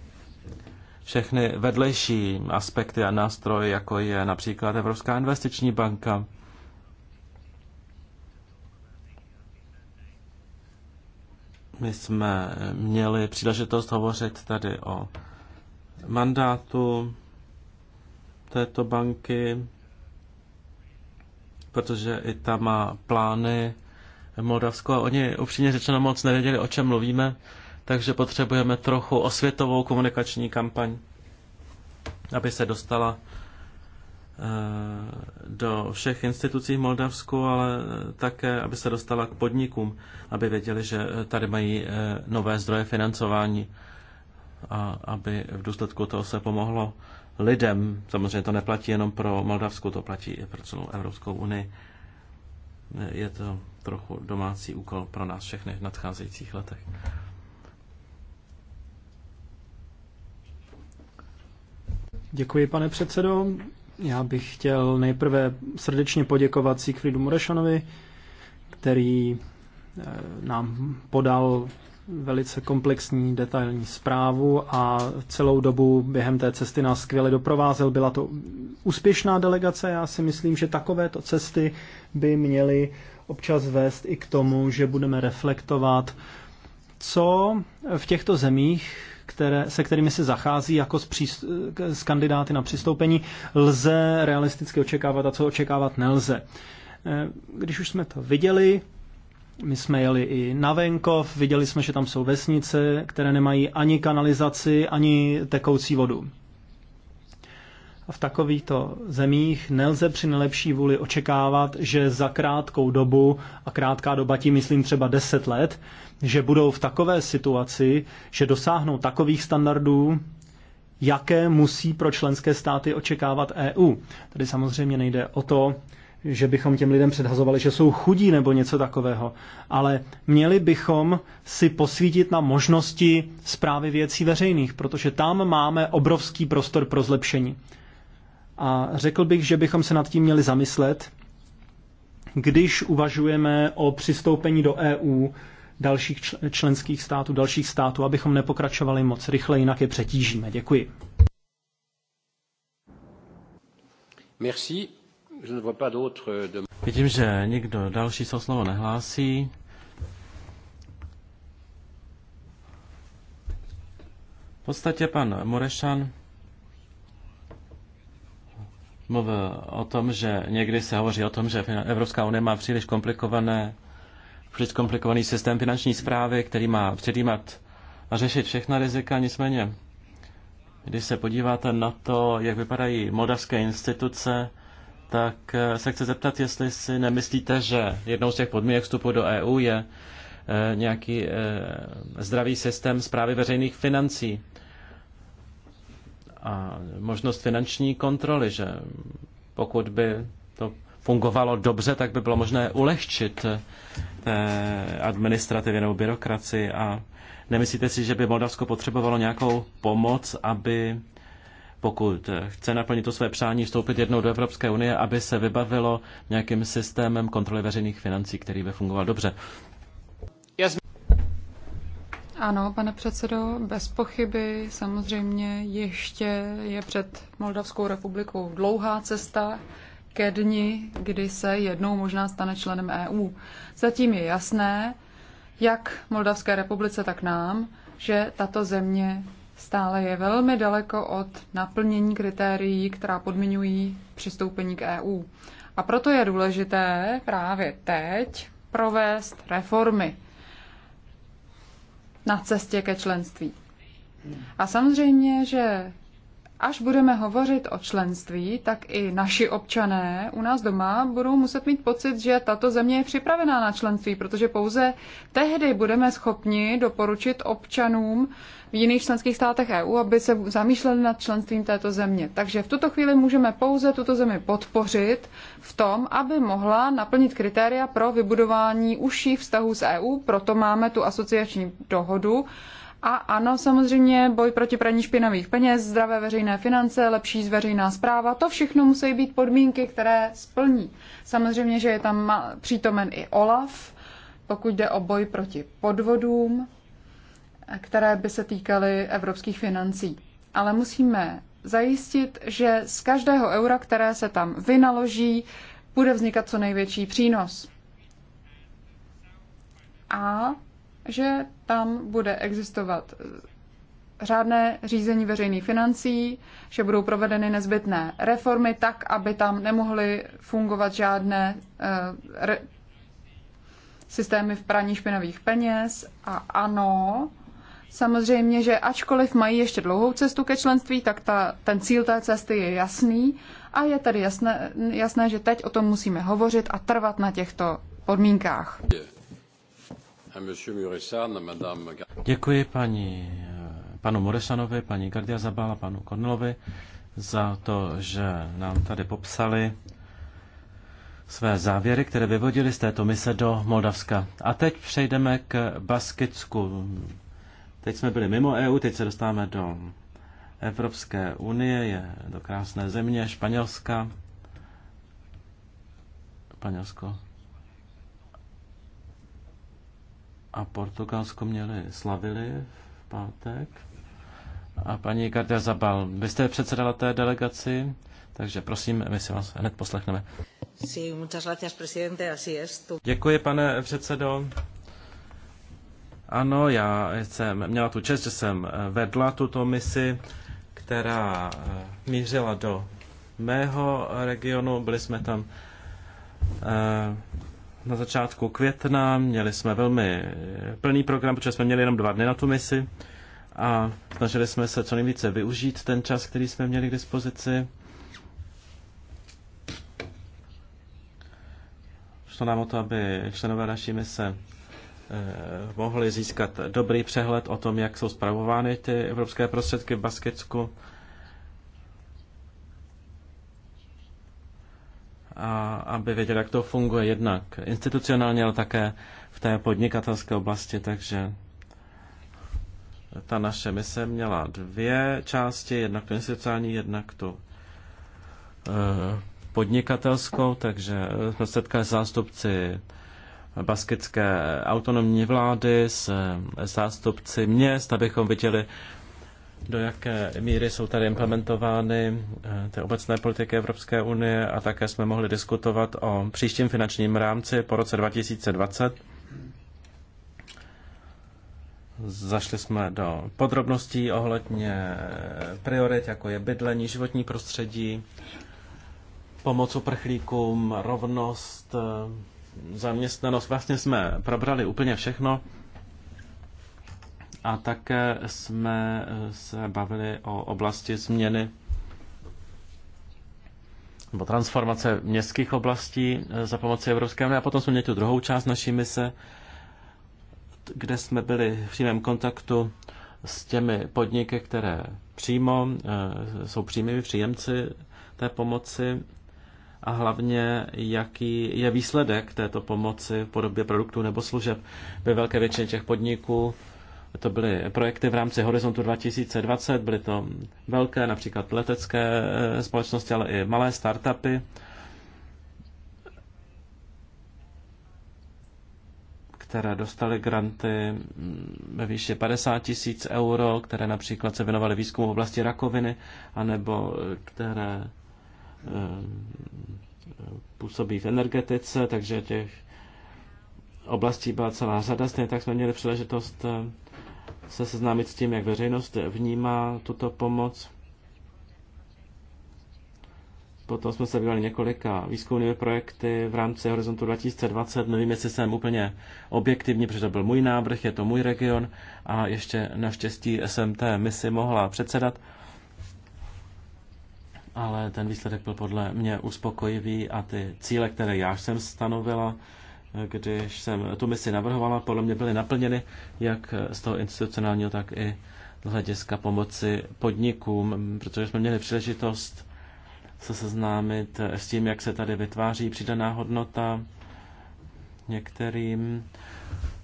všechny vedlejší aspekty a nástroje, jako je například Evropská investiční banka. My jsme měli příležitost hovořit tady o mandátu této banky, protože i ta má plány Moldavsku a oni upřímně řečeno moc nevěděli, o čem mluvíme takže potřebujeme trochu osvětovou komunikační kampaň, aby se dostala eh, do všech institucí v Moldavsku, ale také, aby se dostala k podnikům, aby věděli, že tady mají eh, nové zdroje financování a aby v důsledku toho se pomohlo lidem. Samozřejmě to neplatí jenom pro Moldavsku, to platí i pro celou Evropskou unii. Je to trochu domácí úkol pro nás všechny v nadcházejících letech. Děkuji, pane předsedo. Já bych chtěl nejprve srdečně poděkovat Siegfriedu Murešanovi, který eh, nám podal velice komplexní detailní zprávu a celou dobu během té cesty nás skvěle doprovázel. Byla to úspěšná delegace. Já si myslím, že takovéto cesty by měly občas vést i k tomu, že budeme reflektovat, co v těchto zemích které, se kterými se zachází jako s, příst, s kandidáty na přistoupení, lze realisticky očekávat a co očekávat nelze. E, když už jsme to viděli, my jsme jeli i na venkov, viděli jsme, že tam jsou vesnice, které nemají ani kanalizaci, ani tekoucí vodu v takovýchto zemích nelze při nejlepší vůli očekávat, že za krátkou dobu, a krátká doba tím myslím třeba 10 let, že budou v takové situaci, že dosáhnou takových standardů, jaké musí pro členské státy očekávat EU. Tady samozřejmě nejde o to, že bychom těm lidem předhazovali, že jsou chudí nebo něco takového, ale měli bychom si posvítit na možnosti zprávy věcí veřejných, protože tam máme obrovský prostor pro zlepšení. A řekl bych, že bychom se nad tím měli zamyslet, když uvažujeme o přistoupení do EU dalších členských států, dalších států, abychom nepokračovali moc rychle, jinak je přetížíme. Děkuji. Merci. Je ne vois pas de... Vidím, že nikdo další se slovo nehlásí. V podstatě pan Morešan mluvil o tom, že někdy se hovoří o tom, že Evropská unie má příliš komplikované příliš komplikovaný systém finanční zprávy, který má předjímat a řešit všechna rizika, nicméně když se podíváte na to, jak vypadají moldavské instituce, tak eh, se chci zeptat, jestli si nemyslíte, že jednou z těch podmínek vstupu do EU je eh, nějaký eh, zdravý systém zprávy veřejných financí a možnost finanční kontroly, že pokud by to fungovalo dobře, tak by bylo možné ulehčit eh, administrativě nebo byrokraci a nemyslíte si, že by Moldavsko potřebovalo nějakou pomoc, aby pokud eh, chce naplnit to své přání vstoupit jednou do Evropské unie, aby se vybavilo nějakým systémem kontroly veřejných financí, který by fungoval dobře. Ano, pane předsedo, bez pochyby samozřejmě ještě je před Moldavskou republikou dlouhá cesta ke dni, kdy se jednou možná stane členem EU. Zatím je jasné, jak Moldavské republice, tak nám, že tato země stále je velmi daleko od naplnění kritérií, která podmiňují přistoupení k EU. A proto je důležité právě teď provést reformy na cestě ke členství. A samozřejmě, že Až budeme hovořit o členství, tak i naši občané u nás doma budou muset mít pocit, že tato země je připravená na členství, protože pouze tehdy budeme schopni doporučit občanům v jiných členských státech EU, aby se zamýšleli nad členstvím této země. Takže v tuto chvíli můžeme pouze tuto zemi podpořit v tom, aby mohla naplnit kritéria pro vybudování užších vztahů s EU, proto máme tu asociační dohodu a ano, samozřejmě boj proti praní špinavých peněz, zdravé veřejné finance, lepší veřejná zpráva, to všechno musí být podmínky, které splní. Samozřejmě, že je tam přítomen i OLAF, pokud jde o boj proti podvodům, které by se týkaly evropských financí. Ale musíme zajistit, že z každého eura, které se tam vynaloží, bude vznikat co největší přínos. A že tam bude existovat eh, řádné řízení veřejných financí, že budou provedeny nezbytné reformy tak, aby tam nemohly fungovat žádné eh, re, systémy v praní špinavých peněz. A ano, samozřejmě, že ačkoliv mají ještě dlouhou cestu ke členství, tak ta, ten cíl té cesty je jasný a je tady jasné, jasné, že teď o tom musíme hovořit a trvat na těchto podmínkách. Yeah. Děkuji paní, panu Moresanovi, paní Gardia Zabala, panu Kornelovi za to, že nám tady popsali své závěry, které vyvodili z této mise do Moldavska. A teď přejdeme k Baskicku. Teď jsme byli mimo EU, teď se dostáváme do Evropské unie, je do krásné země, Španělska. Španělsko a Portugalsko měli slavili v pátek. A paní Gardia Zabal, vy jste předsedala té delegaci, takže prosím, my si vás hned poslechneme. Sí, muchas gracias, presidente, así es. Tu... Děkuji, pane předsedo. Ano, já jsem měla tu čest, že jsem vedla tuto misi, která eh, mířila do mého regionu. Byli jsme tam eh, na začátku května. Měli jsme velmi plný program, protože jsme měli jenom dva dny na tu misi a snažili jsme se co nejvíce využít ten čas, který jsme měli k dispozici. Šlo nám o to, aby členové naší mise eh, mohli získat dobrý přehled o tom, jak jsou zpravovány ty evropské prostředky v Baskicku a aby věděli, jak to funguje jednak institucionálně, ale také v té podnikatelské oblasti, takže ta naše mise měla dvě části, jednak tu institucionální, jednak tu eh, podnikatelskou, takže eh, jsme setkali zástupci baskické autonomní vlády s eh, zástupci měst, abychom viděli, do jaké míry jsou tady implementovány eh, ty obecné politiky Evropské unie a také jsme mohli diskutovat o příštím finančním rámci po roce 2020. Zašli jsme do podrobností ohledně priorit, jako je bydlení, životní prostředí, pomoc uprchlíkům, rovnost, eh, zaměstnanost. Vlastně jsme probrali úplně všechno. A také jsme se bavili o oblasti změny nebo transformace městských oblastí eh, za pomoci Evropské unie. A potom jsme měli tu druhou část naší mise, kde jsme byli v přímém kontaktu s těmi podniky, které přímo eh, jsou přímými příjemci té pomoci a hlavně, jaký je výsledek této pomoci v podobě produktů nebo služeb. Ve velké většině těch podniků to byly projekty v rámci Horizontu 2020, byly to velké, například letecké eh, společnosti, ale i malé startupy. které dostaly granty mm, ve výši 50 tisíc euro, které například se věnovaly výzkumu v oblasti rakoviny, anebo eh, které eh, působí v energetice, takže těch oblastí byla celá řada. Stejně tak jsme měli příležitost se seznámit s tím, jak veřejnost vnímá tuto pomoc. Potom jsme se bývali několika výzkumnými projekty v rámci Horizontu 2020. Nevím, jestli jsem úplně objektivní, protože to byl můj návrh, je to můj region a ještě naštěstí SMT misi mohla předsedat. Ale ten výsledek byl podle mě uspokojivý a ty cíle, které já jsem stanovila, když jsem tu misi navrhovala, podle mě byly naplněny jak z toho institucionálního, tak i z hlediska pomoci podnikům, protože jsme měli příležitost se seznámit s tím, jak se tady vytváří přidaná hodnota některým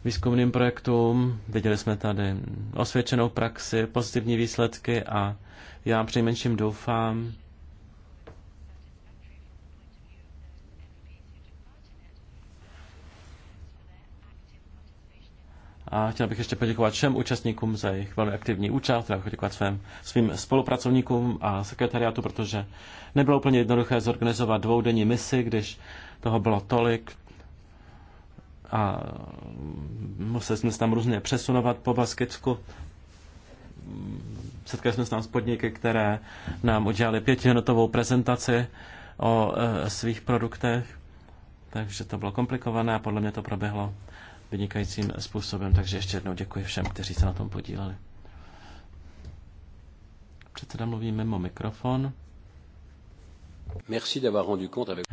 výzkumným projektům. Viděli jsme tady osvědčenou praxi, pozitivní výsledky a já přinejmenším doufám, A chtěl bych ještě poděkovat všem účastníkům za jejich velmi aktivní účast, chtěl bych poděkovat svým, svým spolupracovníkům a sekretariátu, protože nebylo úplně jednoduché zorganizovat dvoudenní misi, když toho bylo tolik a museli jsme se tam různě přesunovat po Baskicku. Setkali jsme se tam s podniky, které nám udělali pětiminutovou prezentaci o e, svých produktech, takže to bylo komplikované a podle mě to proběhlo vynikajícím způsobem, takže ještě jednou děkuji všem, kteří se na tom podíleli. Předseda mluví mimo mikrofon. Merci d'avoir rendu compte avec...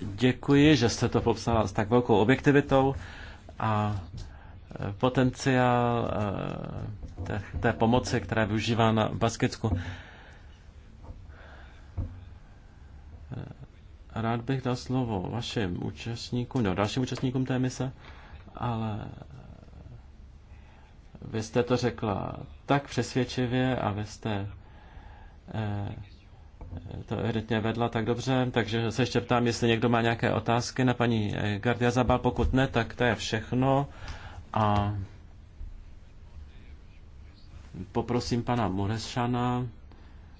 Děkuji, že jste to popsala s tak velkou objektivitou a e, potenciál e, té, té pomoci, která je využívána v Baskicku. E, rád bych dal slovo vašim účastníkům, no, dalším účastníkům té mise ale vy jste to řekla tak přesvědčivě a vy jste eh, to evidentně vedla tak dobře, takže se ještě ptám, jestli někdo má nějaké otázky na paní eh, Gardia Zabal. Pokud ne, tak to je všechno. A poprosím pana Morešana,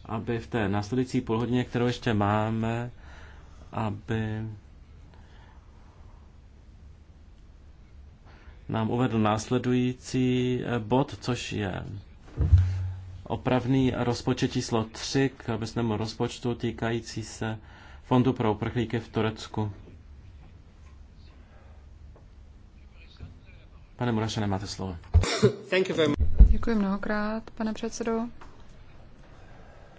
aby v té následující půlhodině, kterou ještě máme, aby nám uvedl následující eh, bod, což je opravný rozpočet číslo 3 k obecnému rozpočtu týkající se Fondu pro uprchlíky v Turecku. Pane Muraše, nemáte slovo. Děkuji mnohokrát, pane předsedo.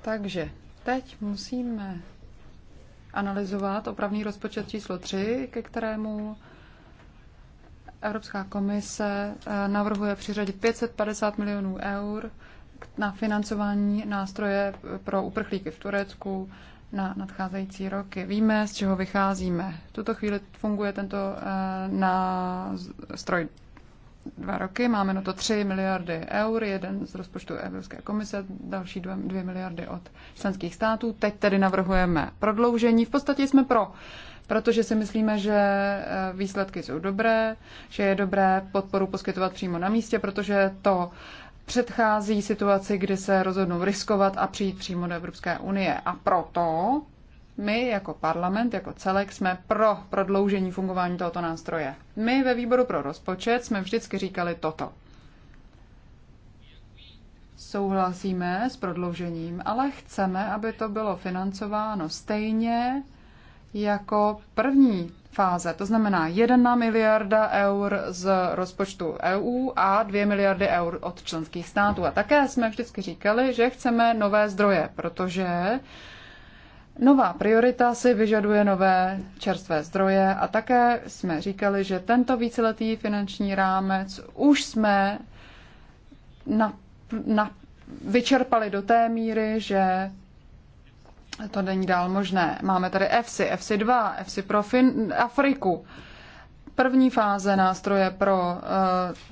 Takže teď musíme analyzovat opravný rozpočet číslo 3, ke kterému Evropská komise eh, navrhuje přiřadit 550 milionů eur na financování nástroje pro uprchlíky v Turecku na nadcházející roky. Víme, z čeho vycházíme. V tuto chvíli funguje tento eh, na stroj dva roky. Máme na to 3 miliardy eur, jeden z rozpočtu Evropské komise, další 2, 2 miliardy od členských států. Teď tedy navrhujeme prodloužení. V podstatě jsme pro. Uh, protože si myslíme, že eh, výsledky jsou dobré, že je dobré podporu poskytovat přímo na místě, protože to předchází situaci, kdy se rozhodnou riskovat a přijít přímo do Evropské unie. A proto my jako parlament, jako celek jsme pro prodloužení fungování tohoto nástroje. My ve výboru pro rozpočet jsme vždycky říkali toto. Souhlasíme s prodloužením, ale chceme, aby to bylo financováno stejně jako první fáze. To znamená 1 miliarda eur z rozpočtu EU a 2 miliardy eur od členských států. A také jsme vždycky říkali, že chceme nové zdroje, protože nová priorita si vyžaduje nové čerstvé zdroje a také jsme říkali, že tento víceletý finanční rámec už jsme na, na, vyčerpali do té míry, že to není dál možné. Máme tady FC, fc 2, FC pro fin- Afriku, první fáze nástroje pro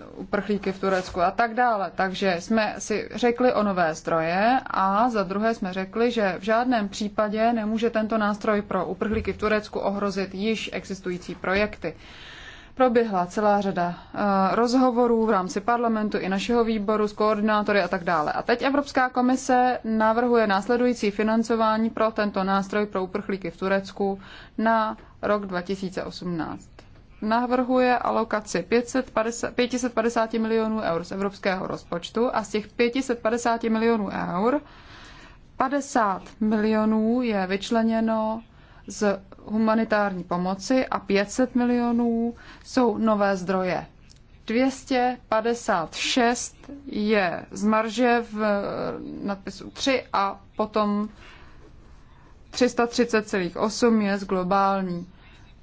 uh, uprchlíky v Turecku a tak dále. Takže jsme si řekli o nové stroje a za druhé jsme řekli, že v žádném případě nemůže tento nástroj pro uprchlíky v Turecku ohrozit již existující projekty. Uh, proběhla celá řada eh, rozhovorů v rámci parlamentu i našeho výboru s koordinátory a tak dále. A teď Evropská komise navrhuje následující financování pro tento nástroj pro uprchlíky v Turecku na rok 2018. Navrhuje alokaci 550, 550 milionů eur z evropského rozpočtu a z těch 550 milionů eur 50 milionů je vyčleněno z humanitární pomoci a 500 milionů jsou nové zdroje. 256 je z marže v eh, nadpisu 3 a potom 330,8 je z globální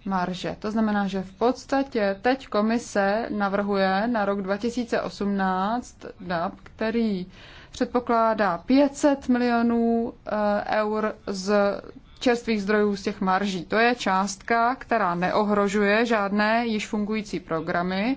marže. To znamená, že v podstatě teď komise navrhuje na rok 2018 DAP, který předpokládá 500 milionů eh, eur z čerstvých zdrojů z těch marží. To je částka, která neohrožuje žádné již fungující programy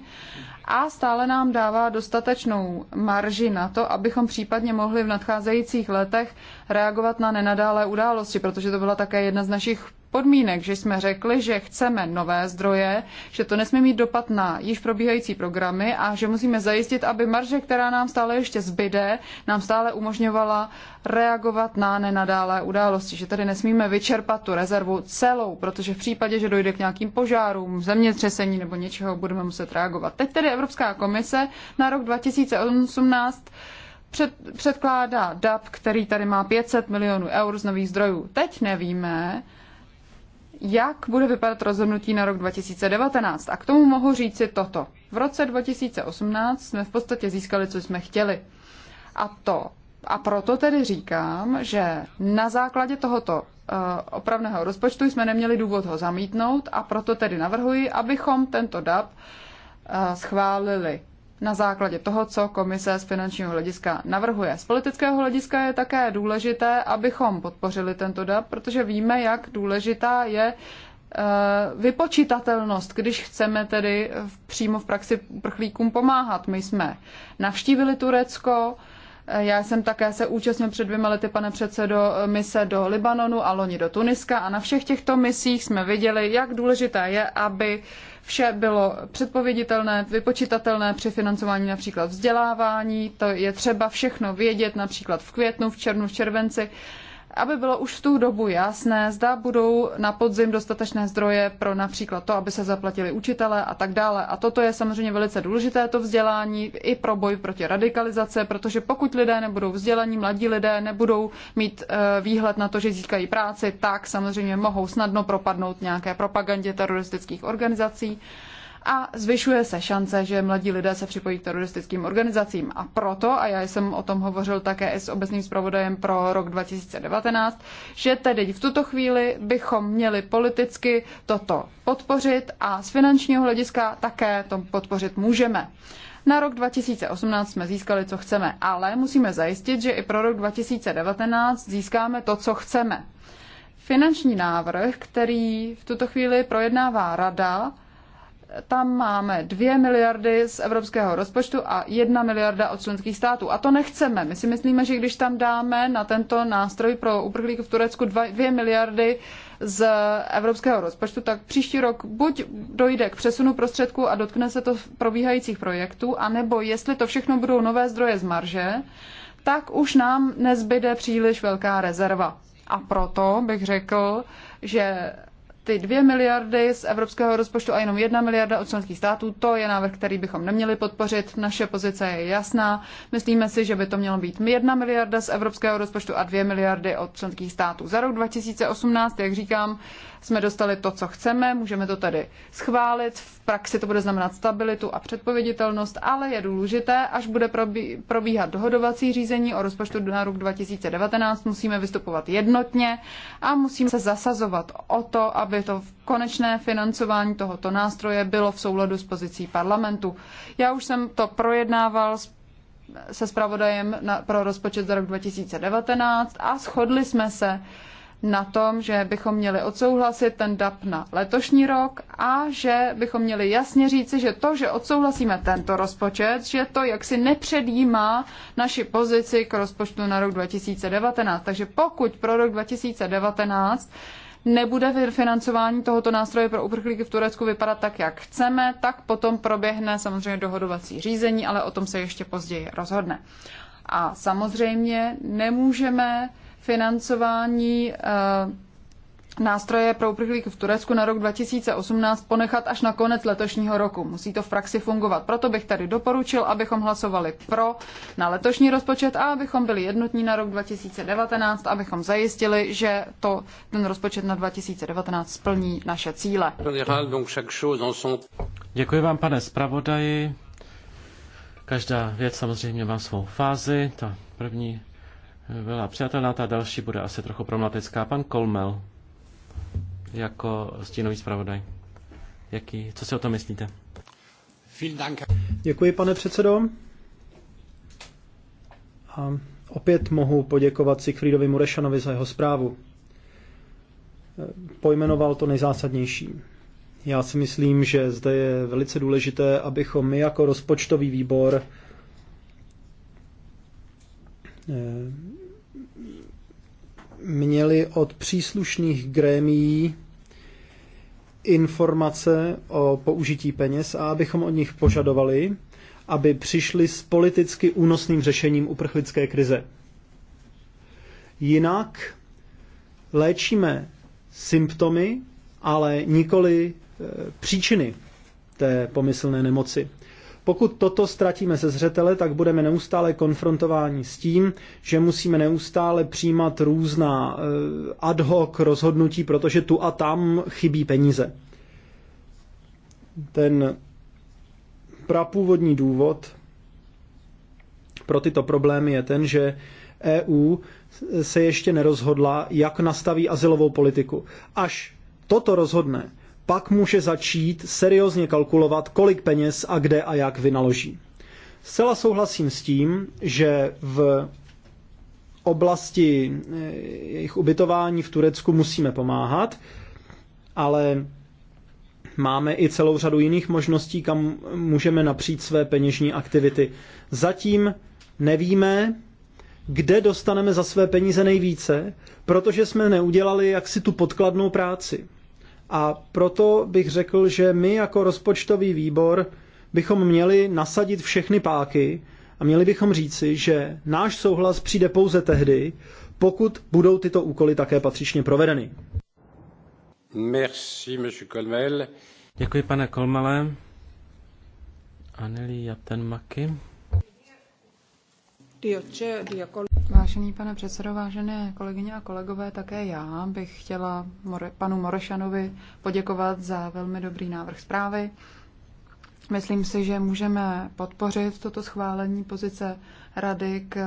a stále nám dává dostatečnou marži na to, abychom případně mohli v nadcházejících letech reagovat na nenadálé události, protože to byla také jedna z našich podmínek, že jsme řekli, že chceme nové zdroje, že to nesmí mít dopad na již probíhající programy a že musíme zajistit, aby marže, která nám stále ještě zbyde, nám stále umožňovala reagovat na nenadálé události, že tady nesmíme vyčerpat tu rezervu celou, protože v případě, že dojde k nějakým požárům, zemětřesení nebo něčeho, budeme muset reagovat. Teď tedy Evropská komise na rok 2018 před, předkládá DAP, který tady má 500 milionů eur z nových zdrojů. Teď nevíme, jak bude vypadat rozhodnutí na rok 2019. A k tomu mohu říci toto. V roce 2018 jsme v podstatě získali, co jsme chtěli. A to. A proto tedy říkám, že na základě tohoto eh, opravného rozpočtu jsme neměli důvod ho zamítnout a proto tedy navrhuji, abychom tento uh, schválili na základě toho, co komise z finančního hlediska navrhuje. Z politického hlediska je také důležité, abychom podpořili tento DAP, protože víme, jak důležitá je eh, vypočítatelnost, když chceme tedy přímo v praxi prchlíkům pomáhat. My jsme navštívili Turecko, eh, já jsem také se účastnil před dvěma lety, pane předsedo, eh, mise do Libanonu a loni do Tuniska a na všech těchto misích jsme viděli, jak důležité je, aby Vše bylo předpověditelné, vypočitatelné při financování například vzdělávání, to je třeba všechno vědět, například v květnu, v červnu, v červenci aby bylo už v tu dobu jasné, zda budou na podzim dostatečné zdroje pro například to, aby se zaplatili učitele a tak dále. A toto je samozřejmě velice důležité, to vzdělání i pro boj proti radikalizace, protože pokud lidé nebudou vzdělaní, mladí lidé nebudou mít eh, výhled na to, že získají práci, tak samozřejmě mohou snadno propadnout nějaké propagandě teroristických organizací a zvyšuje se šance, že mladí lidé se připojí k teroristickým organizacím. A proto, a já jsem o tom hovořil také s obecným zpravodajem pro rok 2019, že tedy v tuto chvíli bychom měli politicky toto podpořit a z finančního hlediska také to podpořit můžeme. Na rok 2018 jsme získali, co chceme, ale musíme zajistit, že i pro rok 2019 získáme to, co chceme. Finanční návrh, který v tuto chvíli projednává Rada, tam máme 2 miliardy z evropského rozpočtu a 1 miliarda od členských států. A to nechceme. My si myslíme, že když tam dáme na tento nástroj pro uprchlíky v Turecku 2 miliardy z evropského rozpočtu, tak příští rok buď dojde k přesunu prostředků a dotkne se to probíhajících projektů, anebo jestli to všechno budou nové zdroje z marže, tak už nám nezbyde příliš velká rezerva. A proto bych řekl, že ty dvě miliardy z evropského rozpočtu a jenom jedna miliarda od členských států, to je návrh, který bychom neměli podpořit. Naše pozice je jasná. Myslíme si, že by to mělo být jedna miliarda z evropského rozpočtu a dvě miliardy od členských států. Za rok 2018, jak říkám, jsme dostali to, co chceme, můžeme to tady schválit, v praxi to bude znamenat stabilitu a předpověditelnost, ale je důležité, až bude probíhat dohodovací řízení o rozpočtu na rok 2019, musíme vystupovat jednotně a musíme se zasazovat o to, aby to konečné financování tohoto nástroje bylo v souladu s pozicí parlamentu. Já už jsem to projednával s se zpravodajem pro rozpočet za rok 2019 a shodli jsme se, na tom, že bychom měli odsouhlasit ten DAP na letošní rok a že bychom měli jasně říci, že to, že odsouhlasíme tento rozpočet, že to jaksi nepředjímá naši pozici k rozpočtu na rok 2019. Takže pokud pro rok 2019 nebude financování tohoto nástroje pro uprchlíky v Turecku vypadat tak, jak chceme, tak potom proběhne samozřejmě dohodovací řízení, ale o tom se ještě později rozhodne. A samozřejmě nemůžeme financování eh, nástroje pro uprchlíky v Turecku na rok 2018 ponechat až na konec letošního roku. Musí to v praxi fungovat. Proto bych tady doporučil, abychom hlasovali pro na letošní rozpočet a abychom byli jednotní na rok 2019, abychom zajistili, že to, ten rozpočet na 2019 splní naše cíle. Děkuji vám, pane zpravodaji. Každá věc samozřejmě má svou fázi. Ta první byla přijatelná, ta další bude asi trochu problematická. Pan Kolmel, jako stínový zpravodaj. Jaký, co si o tom myslíte? Děkuji, pane předsedo. A opět mohu poděkovat Sigfridovi Murešanovi za jeho zprávu. Pojmenoval to nejzásadnější. Já si myslím, že zde je velice důležité, abychom my jako rozpočtový výbor eh, měli od příslušných grémií informace o použití peněz a abychom od nich požadovali, aby přišli s politicky únosným řešením uprchlické krize. Jinak léčíme symptomy, ale nikoli e, příčiny té pomyslné nemoci. Pokud toto ztratíme ze zřetele, tak budeme neustále konfrontováni s tím, že musíme neustále přijímat různá eh, ad hoc rozhodnutí, protože tu a tam chybí peníze. Ten prapůvodní důvod pro tyto problémy je ten, že EU se ještě nerozhodla, jak nastaví asilovou politiku. Až toto rozhodne, pak může začít seriózně kalkulovat, kolik peněz a kde a jak vynaloží. Zcela souhlasím s tím, že v oblasti eh, jejich ubytování v Turecku musíme pomáhat, ale máme i celou řadu jiných možností, kam můžeme napřít své peněžní aktivity. Zatím nevíme, kde dostaneme za své peníze nejvíce, protože jsme neudělali jaksi tu podkladnou práci. A proto bych řekl, že my jako rozpočtový výbor bychom měli nasadit všechny páky a měli bychom říci, že náš souhlas přijde pouze tehdy, pokud budou tyto úkoly také patřičně provedeny. Merci, monsieur Colmel. Děkuji, pane Kolmele. Aneli Kol. Vážený pane předsedo, vážené kolegyně a kolegové, také já bych chtěla panu Morešanovi poděkovat za velmi dobrý návrh zprávy. Myslím si, že můžeme podpořit toto schválení pozice Rady k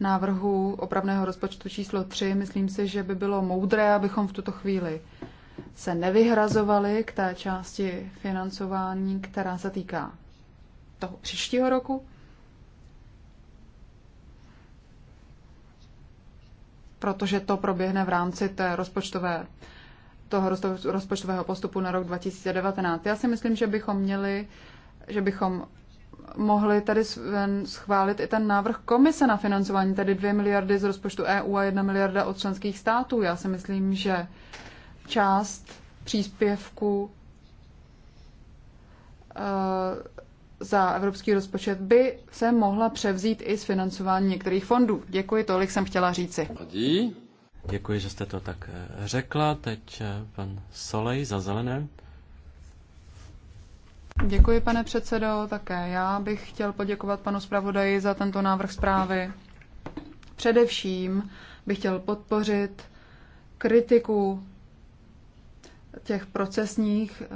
návrhu opravného rozpočtu číslo 3. Myslím si, že by bylo moudré, abychom v tuto chvíli se nevyhrazovali k té části financování, která se týká toho příštího roku, protože to proběhne v rámci té rozpočtové toho rozpočtového postupu na rok 2019. Já si myslím, že bychom měli, že bychom mohli tady schválit i ten návrh komise na financování, tedy 2 miliardy z rozpočtu EU a 1 miliarda od členských států. Já si myslím, že část příspěvku eh, za evropský rozpočet by se mohla převzít i z financování některých fondů. Děkuji, tolik jsem chtěla říci. Děkuji, že jste to tak eh, řekla. Teď eh, pan Solej za zelené. Děkuji, pane předsedo. Také já bych chtěl poděkovat panu zpravodaji za tento návrh zprávy. Především bych chtěl podpořit kritiku těch procesních eh,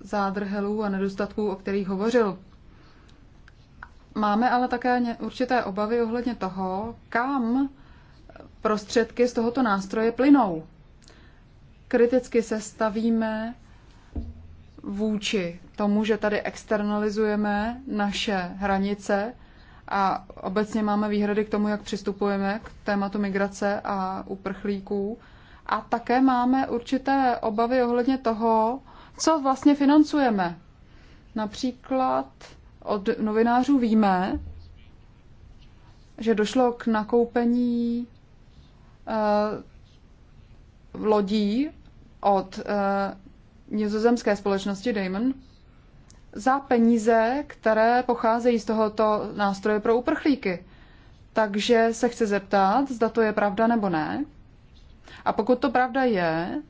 zádrhelů a nedostatků, o kterých hovořil Máme ale také určité obavy ohledně toho, kam prostředky z tohoto nástroje plynou. Kriticky se stavíme vůči tomu, že tady externalizujeme naše hranice a obecně máme výhrady k tomu, jak přistupujeme k tématu migrace a uprchlíků. A také máme určité obavy ohledně toho, co vlastně financujeme. Například od novinářů víme, že došlo k nakoupení uh, lodí od uh, nizozemské společnosti Damon za peníze, které pocházejí z tohoto nástroje pro uprchlíky. Takže se chci zeptat, zda to je pravda nebo ne. A pokud to pravda je,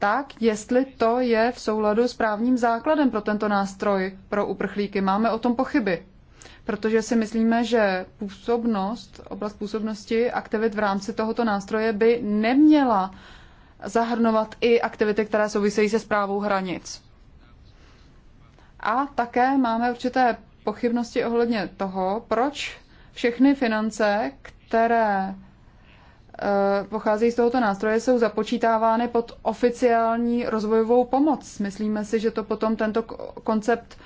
tak, jestli to je v souladu s právním základem pro tento nástroj pro uprchlíky. Máme o tom pochyby, protože si myslíme, že působnost, oblast působnosti aktivit v rámci tohoto nástroje by neměla zahrnovat i aktivity, které souvisejí se zprávou hranic. A také máme určité pochybnosti ohledně toho, proč všechny finance, které Eh, pocházejí z tohoto nástroje, jsou započítávány pod oficiální rozvojovou pomoc. Myslíme si, že to potom tento koncept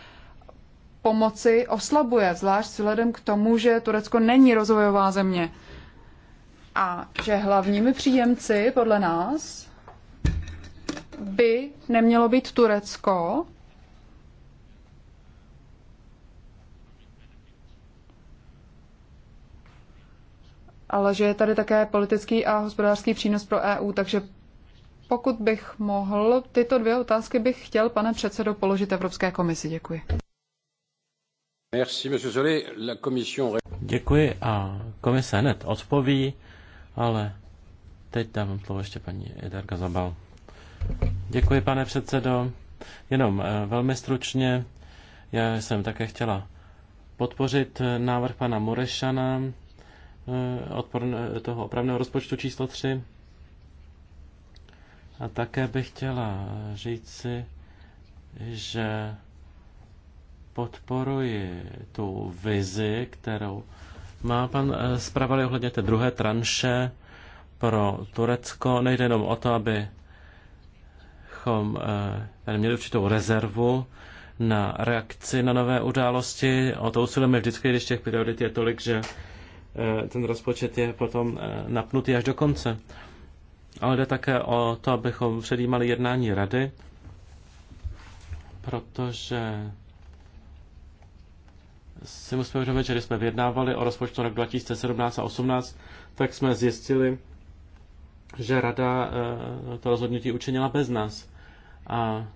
pomoci oslabuje, zvlášť vzhledem k tomu, že Turecko není rozvojová země. A že hlavními příjemci podle nás by nemělo být Turecko, ale že je tady také politický a hospodářský přínos pro EU, takže pokud bych mohl, tyto dvě otázky bych chtěl, pane předsedo, položit Evropské komisi. Děkuji. Děkuji a komise hned odpoví, ale teď dávám slovo ještě paní Edarka Zabal. Děkuji, pane předsedo. Jenom eh, velmi stručně, já jsem také chtěla podpořit návrh pana Morešana Eh, odporné, eh, toho opravného rozpočtu číslo 3. A také bych chtěla říci, že podporuji tu vizi, kterou má pan eh, zpravodaj ohledně té druhé tranše pro Turecko. Nejde jenom o to, aby tady měli určitou rezervu na reakci na nové události. O to usilujeme vždycky, když těch priorit je tolik, že Eh, ten rozpočet je potom eh, napnutý až do konce. Ale jde také o to, abychom předjímali jednání rady, protože si musíme uvědomit, že když jsme vyjednávali o rozpočtu rok 2017 a 2018, tak jsme zjistili, že rada eh, to rozhodnutí učinila bez nás. A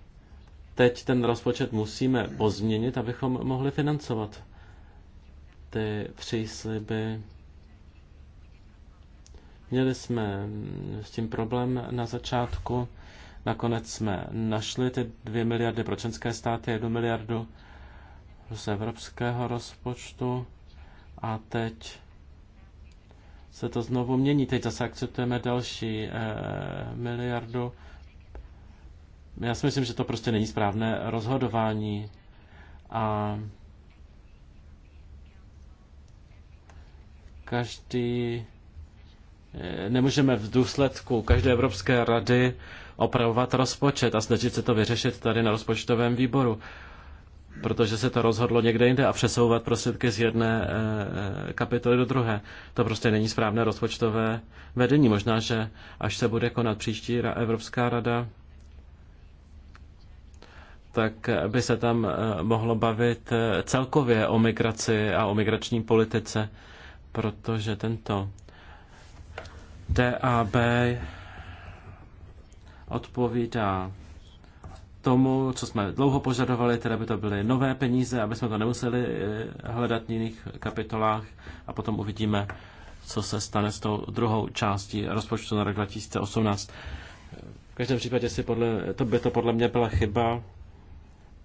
teď ten rozpočet musíme pozměnit, abychom mohli financovat ty přísliby. Měli jsme s tím problém na začátku. Nakonec jsme našli ty dvě miliardy pro členské státy, jednu miliardu z evropského rozpočtu a teď se to znovu mění. Teď zase akceptujeme další eh, miliardu. Já si myslím, že to prostě není správné rozhodování a Každý eh, nemůžeme v důsledku každé Evropské rady opravovat rozpočet a snažit se to vyřešit tady na rozpočtovém výboru, protože se to rozhodlo někde jinde a přesouvat prostředky z jedné eh, eh, kapitoly do druhé. To prostě není správné rozpočtové vedení. Možná, že až se bude konat příští Evropská rada, tak by se tam mohlo bavit celkově o migraci a o migrační politice protože tento DAB odpovídá tomu, co jsme dlouho požadovali, tedy by to byly nové peníze, aby jsme to nemuseli eh, hledat v jiných kapitolách a potom uvidíme, co se stane s tou druhou částí rozpočtu na rok 2018. V každém případě si podle, to by to podle mě byla chyba,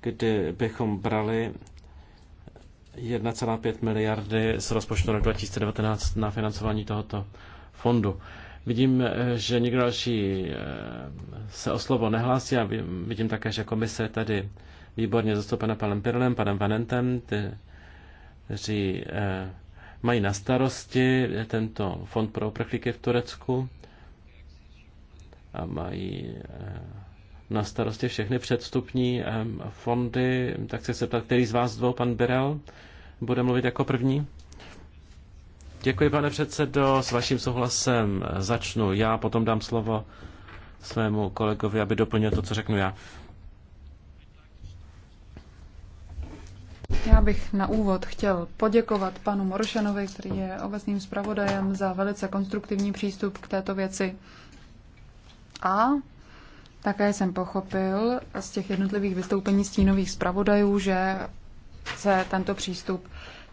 kdybychom brali 1,5 miliardy z rozpočtu roku 2019 na financování tohoto fondu. Vidím, že někdo další eh, se o slovo nehlásí a vidím také, že komise tady výborně zastoupena panem Pirlem, panem Vanentem, kteří eh, mají na starosti tento fond pro uprchlíky v Turecku a mají eh, na starosti všechny předstupní fondy, tak se zeptat, který z vás dvou, pan Birel, bude mluvit jako první? Děkuji, pane předsedo. S vaším souhlasem eh, začnu. Já potom dám slovo svému kolegovi, aby doplnil to, co řeknu já. Já bych na úvod chtěl poděkovat panu Morošanovi, který je obecným zpravodajem, za velice konstruktivní přístup k této věci. A také jsem pochopil z těch jednotlivých vystoupení stínových zpravodajů, že se tento přístup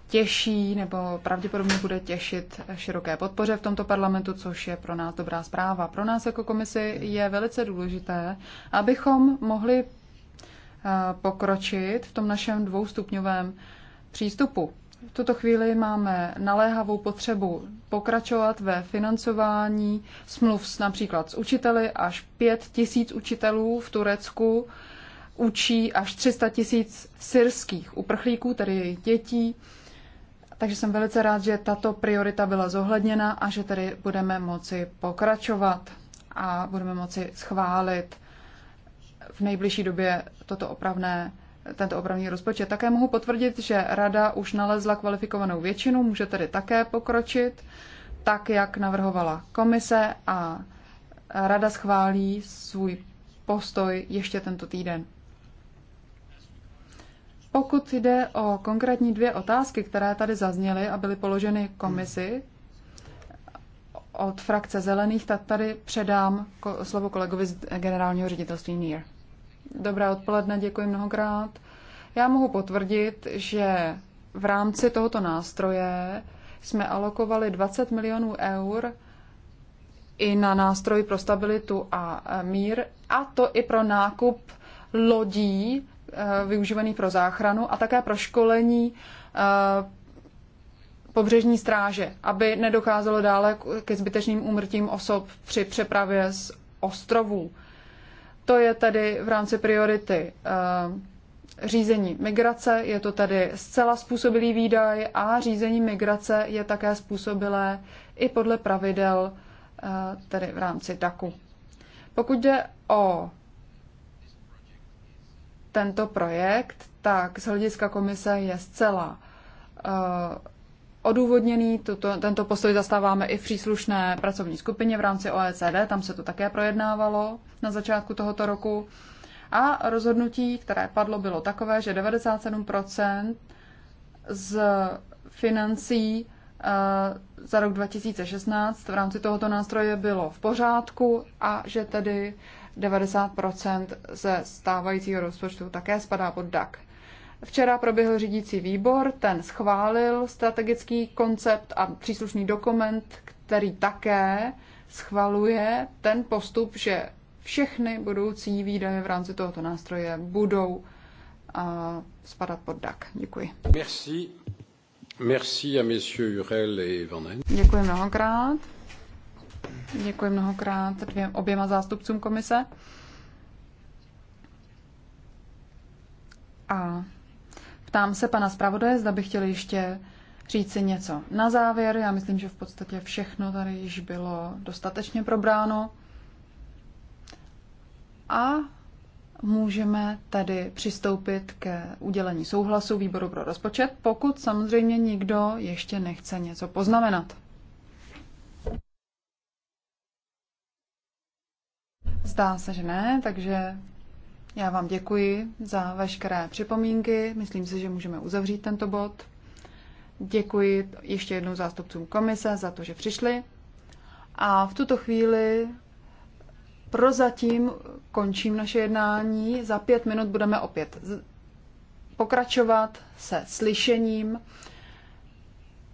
těší nebo pravděpodobně bude těšit široké podpoře v tomto parlamentu, což je pro nás dobrá zpráva. Pro nás jako komisi je velice důležité, abychom mohli eh, pokročit v tom našem dvoustupňovém přístupu. V tuto chvíli máme naléhavou potřebu pokračovat ve financování smluv s, například s učiteli. Až 5 tisíc učitelů v Turecku učí až 300 tisíc syrských uprchlíků, tedy jejich dětí. Takže jsem velice rád, že tato priorita byla zohledněna a že tedy budeme moci pokračovat a budeme moci schválit v nejbližší době toto opravné tento opravný rozpočet. Také mohu potvrdit, že rada už nalezla kvalifikovanou většinu, může tedy také pokročit, tak jak navrhovala komise a rada schválí svůj postoj ještě tento týden. Pokud jde o konkrétní dvě otázky, které tady zazněly a byly položeny komisi od frakce zelených, tak tady předám slovo kolegovi z generálního ředitelství NIR. Dobré odpoledne, děkuji mnohokrát. Já mohu potvrdit, že v rámci tohoto nástroje jsme alokovali 20 milionů eur i na nástroj pro stabilitu a mír, a to i pro nákup lodí eh, využívaných pro záchranu a také pro školení eh, pobřežní stráže, aby nedocházelo dále ke zbytečným úmrtím osob při přepravě z ostrovů. To je tedy v rámci priority eh, řízení migrace, je to tedy zcela způsobilý výdaj a řízení migrace je také způsobilé i podle pravidel eh, tedy v rámci DAKu. Pokud jde o tento projekt, tak z hlediska komise je zcela eh, odůvodněný. Tuto, tento postoj zastáváme i v příslušné pracovní skupině v rámci OECD, tam se to také projednávalo na začátku tohoto roku. A rozhodnutí, které padlo, bylo takové, že 97% z financí eh, za rok 2016 v rámci tohoto nástroje bylo v pořádku a že tedy 90 ze stávajícího rozpočtu také spadá pod DAC. Včera proběhl řídící výbor, ten schválil strategický koncept a příslušný dokument, který také schvaluje ten postup, že všechny budoucí výdaje v rámci tohoto nástroje budou a spadat pod DAC. Děkuji. Merci. Merci a monsieur Jurel et Vanen. Děkuji mnohokrát. Děkuji mnohokrát dvě, oběma zástupcům komise. A Ptám se pana zpravodaje, zda by chtěl ještě si něco na závěr. Já myslím, že v podstatě všechno tady již bylo dostatečně probráno. A můžeme tedy přistoupit ke udělení souhlasu výboru pro rozpočet, pokud samozřejmě nikdo ještě nechce něco poznamenat. Zdá se, že ne, takže já vám děkuji za veškeré připomínky. Myslím si, že můžeme uzavřít tento bod. Děkuji ještě jednou zástupcům komise za to, že přišli. A v tuto chvíli prozatím končím naše jednání. Za pět minut budeme opět pokračovat se slyšením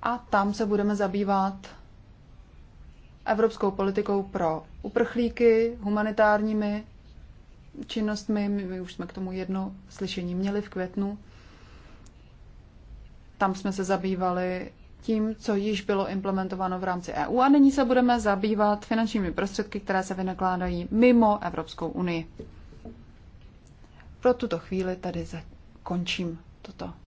a tam se budeme zabývat evropskou politikou pro uprchlíky, humanitárními činnostmi. My už jsme k tomu jedno slyšení měli v květnu. Tam jsme se zabývali tím, co již bylo implementováno v rámci EU a nyní se budeme zabývat finančními prostředky, které se vynakládají mimo Evropskou unii. Pro tuto chvíli tady zakončím toto.